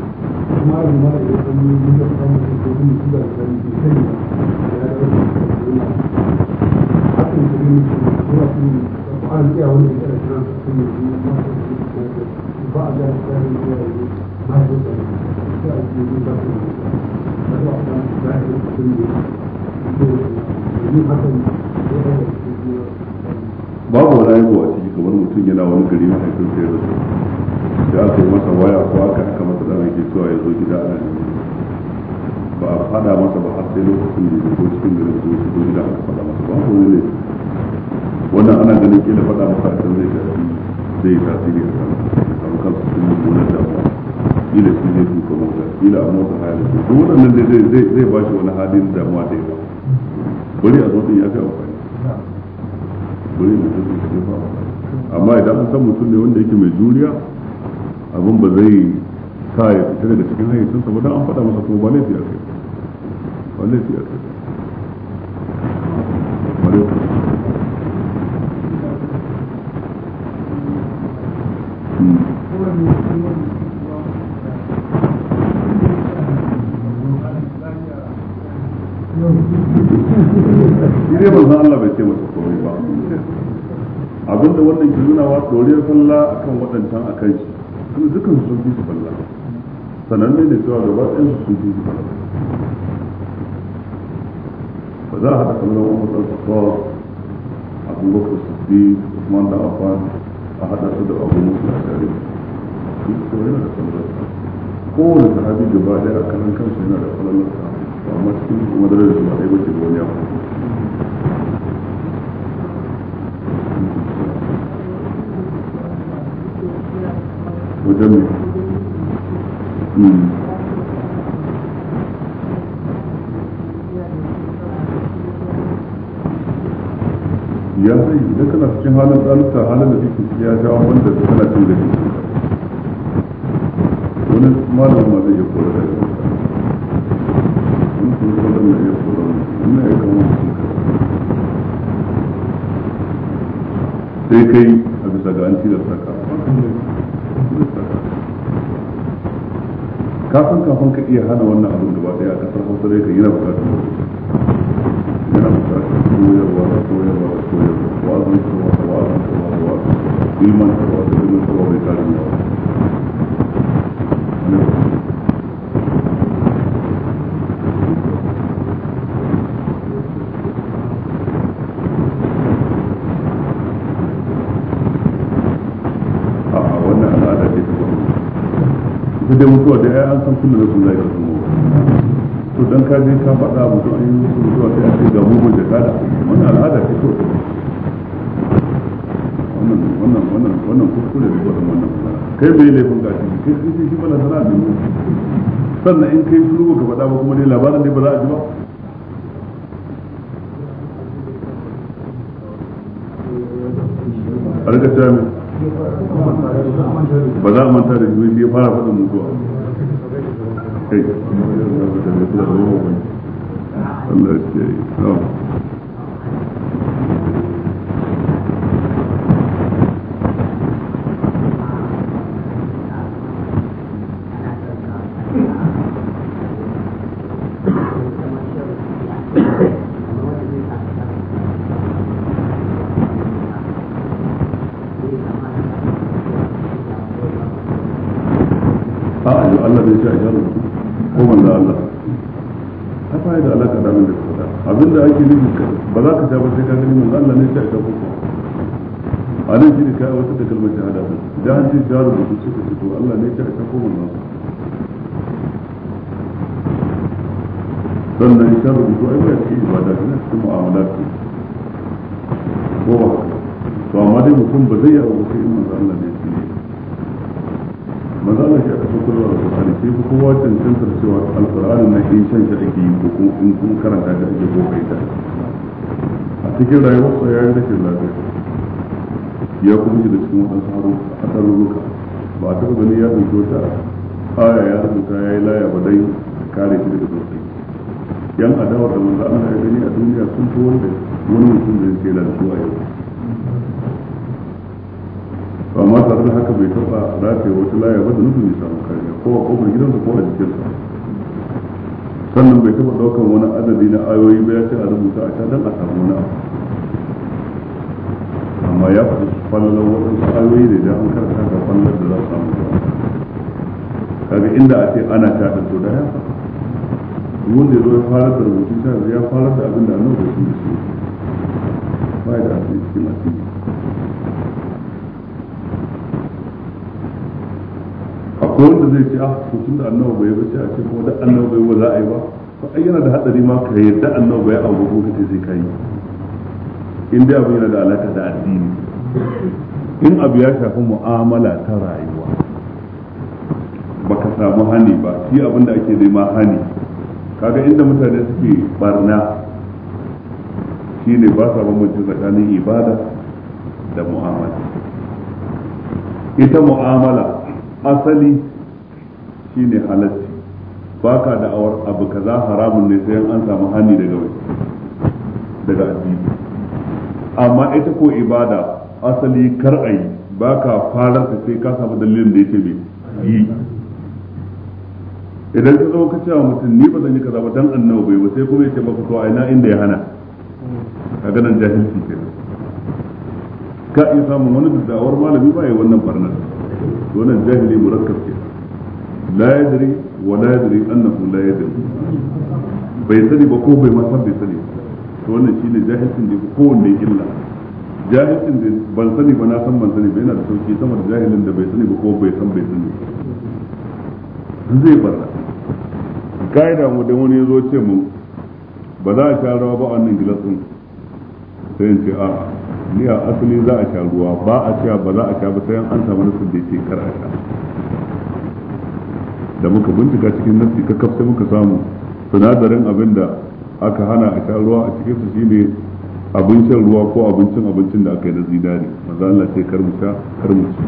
babu wani a ciki kamar mutum yana wani gari mahaifin sai rasu da aka yi masa waya ko aka aka masa dama ke cewa ya zo gida ana neman ba a fada masa ba har sai lokacin da ya zo cikin garin zo shi zo gida aka fada masa ba ko ne wannan ana ganin kila fada masa a can zai tafi zai tasiri a kan sun yi cikin mummunan damuwa kila shi ne duka mota kila a mota haya da su waɗannan zai zai ba shi wani halin damuwa da yawa bari a zo din ya fi amfani bari da zai zai ba amfani amma idan an san mutum ne wanda yake mai juriya abin ba zai sa ya fita daga cikin hayyacinsa ba don an faɗa masa kuma ba laifi a kai ba laifi a kai Ire ban za Allah bai ce masa abinda wannan ke nunawa doriyar a akan waɗancan a kai kuma dukkan sun fi su falla sananne da cewa gaba ɗayan su sun fi su falla ba za a haɗa kallon umar a khattab abu su fi usman da affan a haɗa su da abu a kare su ko yana da falla kowane sahabi gaba ɗaya a kanan kansa yana da falla amma cikin kuma da su ba ɗaya ba ce da wani abu wajen mai hmm. ya zai idan kana cikin halin tsanuka halin da cikin ya ja wanda kana cin da wani malamin ma zai iya kora da yau wani kuma kuma zai iya kora wani ya kama sai kai a bisa ga an tilasta ka kafin kafin ka iya hana wannan abu gaba daya a kasar hausa dai kan yana bukatar yana bukatar koyarwa da koyarwa da koyarwa wa'azantarwa da wa'azantarwa da wa'azantarwa ilmantarwa da ilmantarwa bai kare yawa ya an san kullu rasul la yasmu to dan ka je ka faɗa abu to an yi musu zuwa sai a ce ga mu mun da wannan al'ada ce to wannan wannan wannan wannan kuskure ne wannan wannan kai bai laifin ka kai sai shi bala sana'a ne sannan in kai shiru ka faɗa ba kuma dai labarin ba za a ji ba a ba za a manta da shi ya fara faɗin mutuwa kai Allah ya ce a Allah ko Allah da alaka da da ake nufi ba za ka sha ba sai ka gani Allah ne ya ko a nan shi ne wata da kalmar shahada ba da mutum suka Allah ne ya ta ko ya ne mu'amala ce ko ba to amma dai mutum ba zai yi abu sai in Allah ne maza Allah ya kafa kullu alqur'ani sai ku kowa cancantar cewa alqur'ani na in shan shi ake yi ko in kun karanta da ake ko kai ta a cikin rayuwar sa yayin rashin lafiya ya kuma da cikin wadansu haro a tarurruka ba a taɓa gani ya ɗauki wata aya ya rubuta ya yi laya ba dai kare shi daga sosai yan adawa da manzo Allah ya gani a duniya sun fi wanda wani mutum da yake da su a yau ba ma tare da haka bai taɓa rafe wata laya ba da nufin ya samu kariya ko a kofar gidansa ko a jikinsa sannan bai taɓa ɗaukar wani adadi na ayoyi ba ya ce a rubuta a can don a samu wani abu amma ya faɗi fallon waɗansu ayoyi da idan an karanta ga fallon da za su samu ba kaga inda a ce ana taɗin to da ya faɗi wanda ya zo ya fara da rubutu ta ya fara da abin da annabi da shi ba ya da asiri cikin asiri akwai wanda zai ce ah to tunda annabi bai bace a ce kuma da annabi bai ba za a yi ba to ai yana da hadari ma ka yarda annabi bai abu ko kace sai kai in dai abin yana da alaka da addini in abu ya shafi mu'amala ta rayuwa baka samu hani ba shi abin da ake nema hani kaga inda mutane suke barna shine ba sa bambanci tsakanin ibada da mu'amala ita mu'amala asali shi ne halacci ba ka da'awar abu kaza haramun ne sai an samu hannu daga wai daga addini amma ita ko ibada asali kar a yi ba ka farar ta sai ka samu dalilin da yake mai yi idan ka zama ka ce wa mutum ni ba zan yi kaza ba dan annawa bai ba sai kuma yace ba to a inda ya hana ka ganin jahilci ke ka iya samun wani da'awar malami ba ya wannan barnar wannan jahili murakkab ke la yadri wa la yadri annahu la yadri bai sani ba ko bai ma san bai sani to wannan shine jahilcin da wanne illa jahilcin da ban sani ba na san ban sani ba yana da sauki sama da jahilin da bai sani ba ko bai san bai sani zai barna kaida mu da wani ya zo ce mu ba za a sha rawa ba wannan gilasin sai in ce a'a miya asali za a sha ruwa ba a sha ba za a sha ba sai an samu nasu da yake kar a sha da muka bincika cikin nasi ka kafsa muka samu sinadarin abin da aka hana a sha ruwa a cikin su shine abin shan ruwa ko abincin abincin da aka yi na zinari maza Allah ce kar mu sha kar mu ci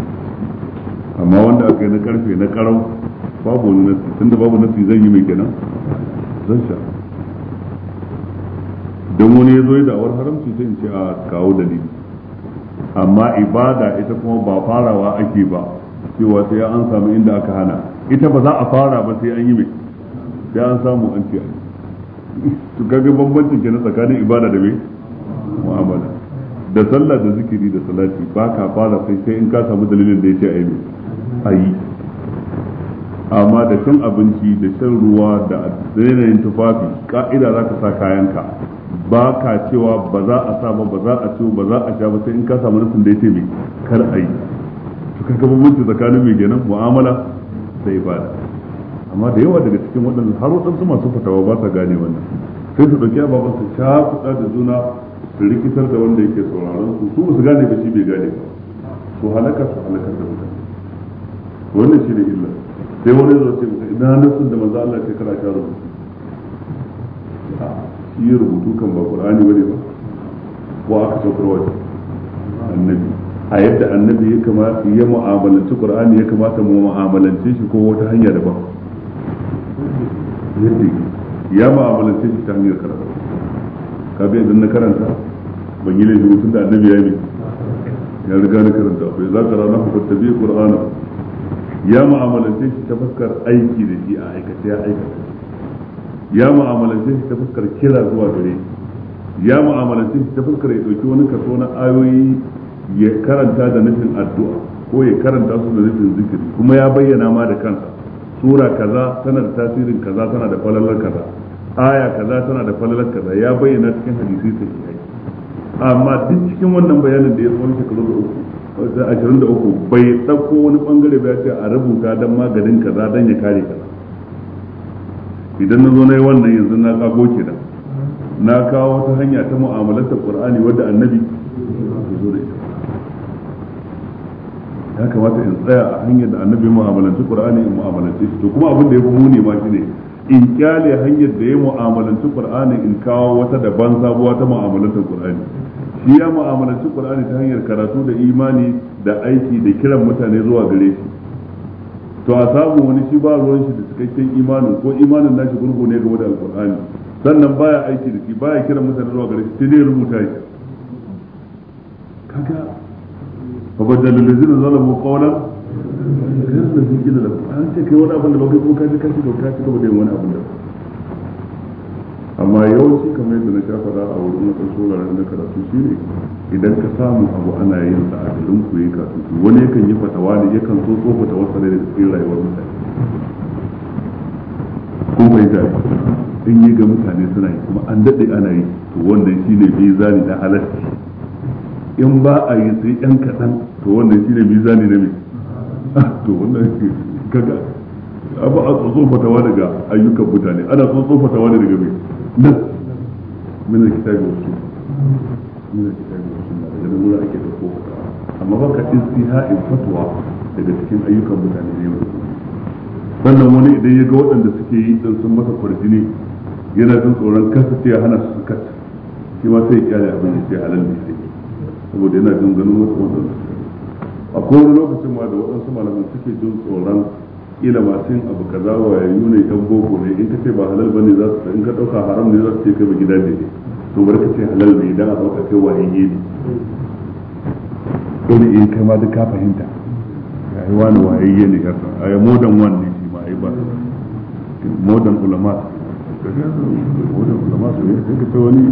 amma wanda aka yi na karfe na karau babu wani nasi tunda babu nasi zan yi mai kenan zan sha don wani ya zo yi da'awar haramci sai in ce a kawo dalili amma ibada ita kuma ba farawa ake ba cewa sai an samu inda aka hana ita ba za a fara ba sai an yi mai sai an samu an ce to kaga bambancin kenan tsakanin ibada da mai mu'amala da sallah da zikiri da salati ba ka fara sai sai in ka samu dalilin da ya ce a yi amma da shan abinci da shan ruwa da yanayin tufafi ka'ida za ka sa kayanka ba ka cewa ba za a sa ba za a ciwo ba za a sha ba sai in ka samu nufin da ya ce mai kar a yi to kaga mutu tsakanin mai kenan mu'amala da ibada amma da yawa daga cikin waɗanda har waɗansu masu fatawa ba sa gane wannan sai su ɗauki ababen su sha kuɗa da juna su rikitar da wanda yake sauraron su su su gane ba shi bai gane ba su halaka su halakar da mutane wannan shi ne illa sai wani zo ce ina sun da maza Allah ya kara sha rubutu shi rubutu kan ba qur'ani bane ba ko aka saukarwa annabi a yadda annabi ya kamata ya mu'amalanci qur'ani ya kamata mu mu'amalanci shi ko wata hanya ba. yadda ya mu'amalanci shi ta hanyar karatu ka bi idan na karanta ban yi laifi mutum da annabi ya yi ya riga na karanta bai za ka rana ku tabi qur'ana ya mu'amalanci shi ta fuskar aiki da shi a aikata ya aikata ya mu'amalance shi ta fuskar kira zuwa gare ya mu'amalance shi ta fuskar ya dauki wani kaso na ayoyi ya karanta da nufin addu'a ko ya karanta su da nufin zikiri kuma ya bayyana ma da kansa sura kaza tana da tasirin kaza tana da falalar kaza aya kaza tana da falalar kaza ya bayyana cikin hadisi sahihai amma duk cikin wannan bayanin da ya tsawon shekaru da uku ashirin da uku bai ɗauko wani bangare ba ya ce a rubuta don maganin kaza don ya kare kaza idan na zo na yi wannan yanzu na kago ke da, na kawo wata hanya ta mu'amalantar qur'ani wadda annabi ya zo da ita ya kamata in tsaya a hanyar da annabi mu'amalanci qur'ani in mu'amalance shi to kuma abin da ya fi muni ma shine in kyale hanyar da ya mu'amalanci qur'ani in kawo wata daban sabuwa ta mu'amalantar qur'ani shi ya mu'amalanci qur'ani ta hanyar karatu da imani da aiki da kiran mutane zuwa gare shi to a samu wani shi ba ruwan shi da cikakken imani ko imanin nashi gurgu ne game da alkur'ani sannan baya aiki da shi baya kiran mutane zuwa gare shi sai rubuta shi kaga fa badal allazina zalamu qawlan kan da zikira da an ce kai wani abin da ba kai ko ka ji ka ci ko da yin wani abin da amma yawanci kamar yadda na sha faɗa a wurin wasan sauraron na karatu shi ne idan ka samu abu ana yin sa a garin ku yi kasuwanci wani yakan yi fatawa ne yakan so so fatawa sa ne da cikin rayuwar mutane ko bai da in yi ga mutane suna yi kuma an daɗe ana yi to wannan shi ne zani na halarci in ba a yi sai yan kaɗan to wannan shi ne zani na mai to wannan kaga abu a fatawa daga ayyukan mutane ana tsofatawa ne daga mai nan min alkitabi wa sunna min alkitabi wa daga wurin ake dauko amma baka istiha'in fatwa daga cikin ayyukan mutane ne da kullum sannan wani idan ya ga waɗanda suke yi din sun masa kwarjini yana jin tsoron kansa sai ya hana su sukat shi ma sai ya kyale abin ya ce halal ne sai saboda yana jin ganin wasu waɗanda a kowane lokacin ma da waɗansu malamin suke jin tsoron kila masu abu kaza wa yayu ne ɗan boko ne in ka ce ba halal bane za su in ka ɗauka haram ne za su ce kai ba gida ne to bari ka ce halal ne idan a ɗauka kai waye ne dole in kai ma duk ka fahimta rayuwa ne waye ne ka san ai modan wan ne shi ma ai ba modan ulama modan ulama su ne kai ka ce wani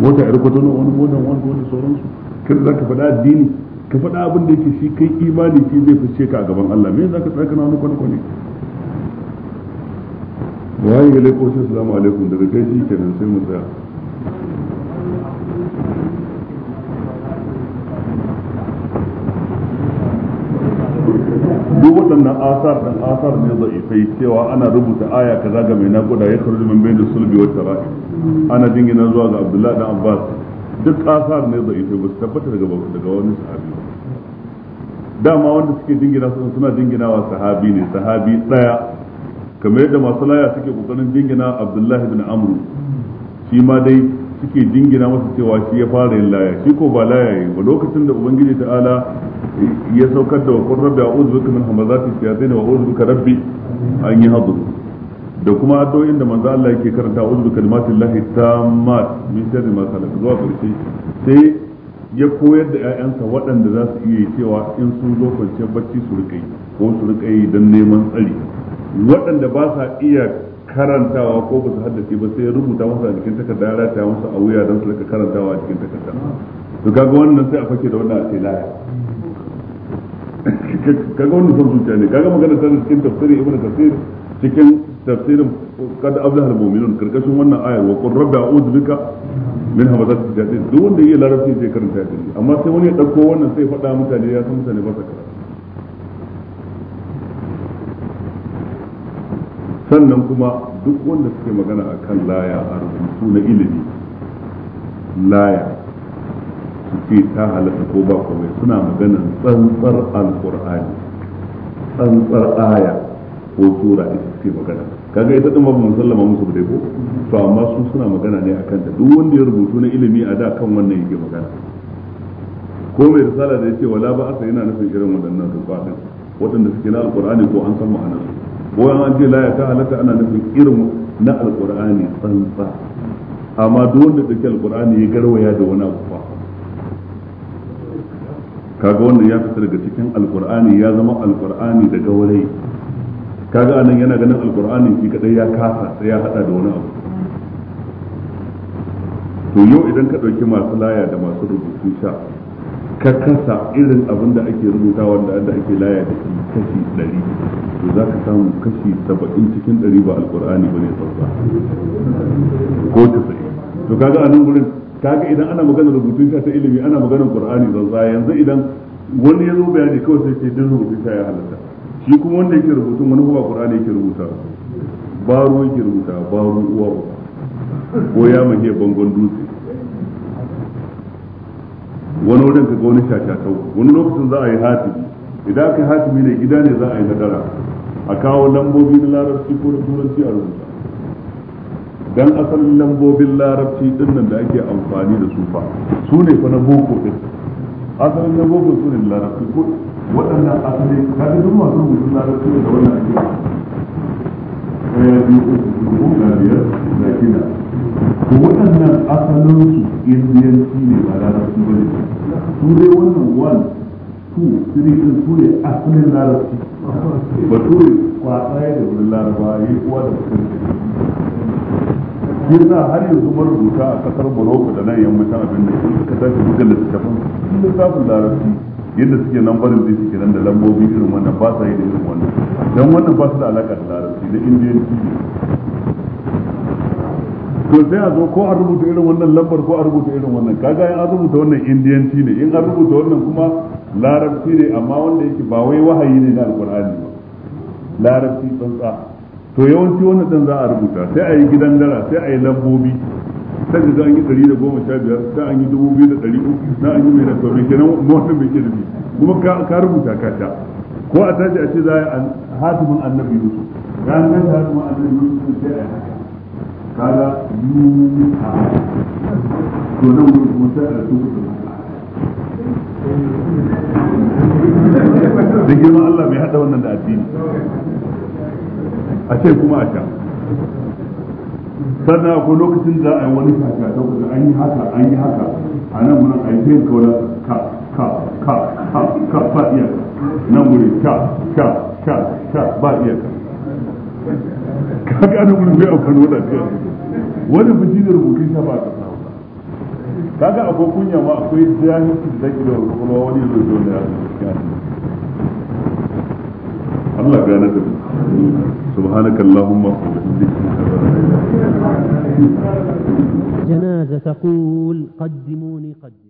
wata yar kwatano wani modan wan wani sauransu kada za ka faɗa addini ka faɗa abin da yake shi kai imani ke zai fice ka a gaban Allah me zaka tsaka na wani kwane waye ya laiko shi salamu alaikum daga kai shi kenan sai mu tsaya duk waɗannan asar ɗan asar ne zai fai cewa ana rubuta aya ka zaga mai naƙuda ya karu min bayan da sulbi wata ra'i ana jingina zuwa ga abdullahi ɗan abbas duk asar ne fai ba su tabbata daga wani sahabi dama wanda suke jingina su suna jinginawa sahabi ne sahabi daya kamar yadda masu laya suke kokarin jingina abdullahi bin amru shi ma dai suke jingina masa cewa shi ya fara yin laya shi ko ba laya yi ba lokacin da ubangiji ta'ala ya saukar da wakon rabbi a'udhu bika min hamazati shayatin wa uzu bika rabbi an yi hadu da kuma addu'o'in da manzo Allah yake karanta uzu bi kalimatillahi tammat min sharri ma khalaq zuwa karshe sai ya koyar da 'ya'yansa waɗanda za su iya cewa in sun zo kwanciyar bacci su rika yi ko su rika yi don neman tsari waɗanda ba sa iya karantawa ko ba su haddace ba sai rubuta masa a jikin takarda ya rataya musu a wuya don su rika karantawa a jikin takarda to kaga wannan sai a fake da wannan a ce laya kaga wannan son zuciya ne kaga magana tana cikin tafsirin ibnu kasir cikin tafsirin kad ablahal mu'minun karkashin wannan ayar wa qur rabbi a'udhu bika min hamazati shayatin duk wanda yake larabci zai karanta ya amma sai wani ya dauko wannan sai faɗa mutane ya san mutane ba sa sannan kuma duk wanda suke magana a kan laya a rubutu na ilimi laya su ce ta halatta ko ba komai suna magana tsantsar alkur'ani tsantsar aya ko sura ita suke magana kaga ita din babu musallama musu da ko to amma su suna magana ne akan da duk wanda ya rubutu na ilimi a da kan wannan yake magana ko mai risala da yace wala ba aka yana nufin irin waɗannan rubutu din waɗanda suke na alqur'ani ko an san ma'anar ko an ce la ya ta ana nufin irin na alqur'ani tsantsa amma duk wanda take alqur'ani ya garwaya da wani abu kaga wannan ya fitar daga cikin alqur'ani ya zama alqur'ani daga wurai kaga anan yana ganin alkur'ani shi kadai ya kasa sai ya hada da wani abu to yau idan ka ɗauki masu laya da masu rubutu sha ka kasa irin abin da ake rubuta wanda da ake laya da shi kashi ɗari to za ka samu kashi saba'in cikin ɗari ba alkur'ani ba ne sauka ko sai to kaga anan gurin kaga idan ana maganar rubutun sha ta ilimi ana maganar qur'ani zanza yanzu idan wani ya zo bayani kawai sai ce din rubutun sha ya halatta shi kuma wanda yake rubutun wani kuma qur'ani yake rubuta baro yake rubuta ba ruwa ba. ko ya mahe bangon dutse wani wurin ka ga wani shashatau wani lokacin za a yi hatibi idan aka yi hatibi ne gida ne za a yi nadara a kawo lambobi na larabci ko da turanci a rubuta dan asalin lambobin larabci din nan da ake amfani da su fa su ne fa na boko din asalin lambobin su ne larabci ko waɗannan asali ka ga duk masu rubutu na da suke da wannan ake ya biyu uku na biyar na shida to waɗannan asalin su indiyanci ne ba larabci ba ne su dai wannan one two three ɗin su ne asalin larabci ba su ne kwasaye da wurin laraba yi kuwa da mutum shi har yanzu marubuta a kasar Morocco da nan yammacin abin da sun suka tashi buga littattafan sun littafin larabci yadda suke nan barin zai suke nan da lambobi irin wannan ba sa yi da irin wannan don wannan ba su da alaƙa da larabci da indiyanci ne to sai a zo ko a rubuta irin wannan lambar ko a rubuta irin wannan kaga in an rubuta wannan indiyanci ne in an rubuta wannan kuma larabci ne amma wanda yake ba wai wahayi ne na alkur'ani ba larabci tsantsa to yawanci wannan din za a rubuta sai a yi gidan dara sai a yi lambobi sai da an yi ɗari da goma sha biyar sai an yi dubu biyu da ɗari uku za an yi mai na sauran kenan mawasan mai ke nufi kuma ka rubuta ka sha ko a tashi a ce za a yi hatimin annabi yusuf ran nan hatimin annabi yusuf sai a haka kaga yuha to nan wuri kuma sai a rasu da girman Allah mai haɗa wannan da addini a ce kuma a sha sannan akwai lokacin da a yi wani kaka ta kuka an yi haka an yi haka a nan muna a yi ta yin kawai ka ka ka ka ka ba iya nan wuri ka ka ka ka ba iyaka kaga ana wuri bai aukan wata fiye wani fushi da rubutu ta ba ta samu kaga akwai kunya ma akwai jahilcin da ke da kwakwalwa wani zai zo da ya الله كان سبحانك اللهم جنازة تقول قدموني قدموني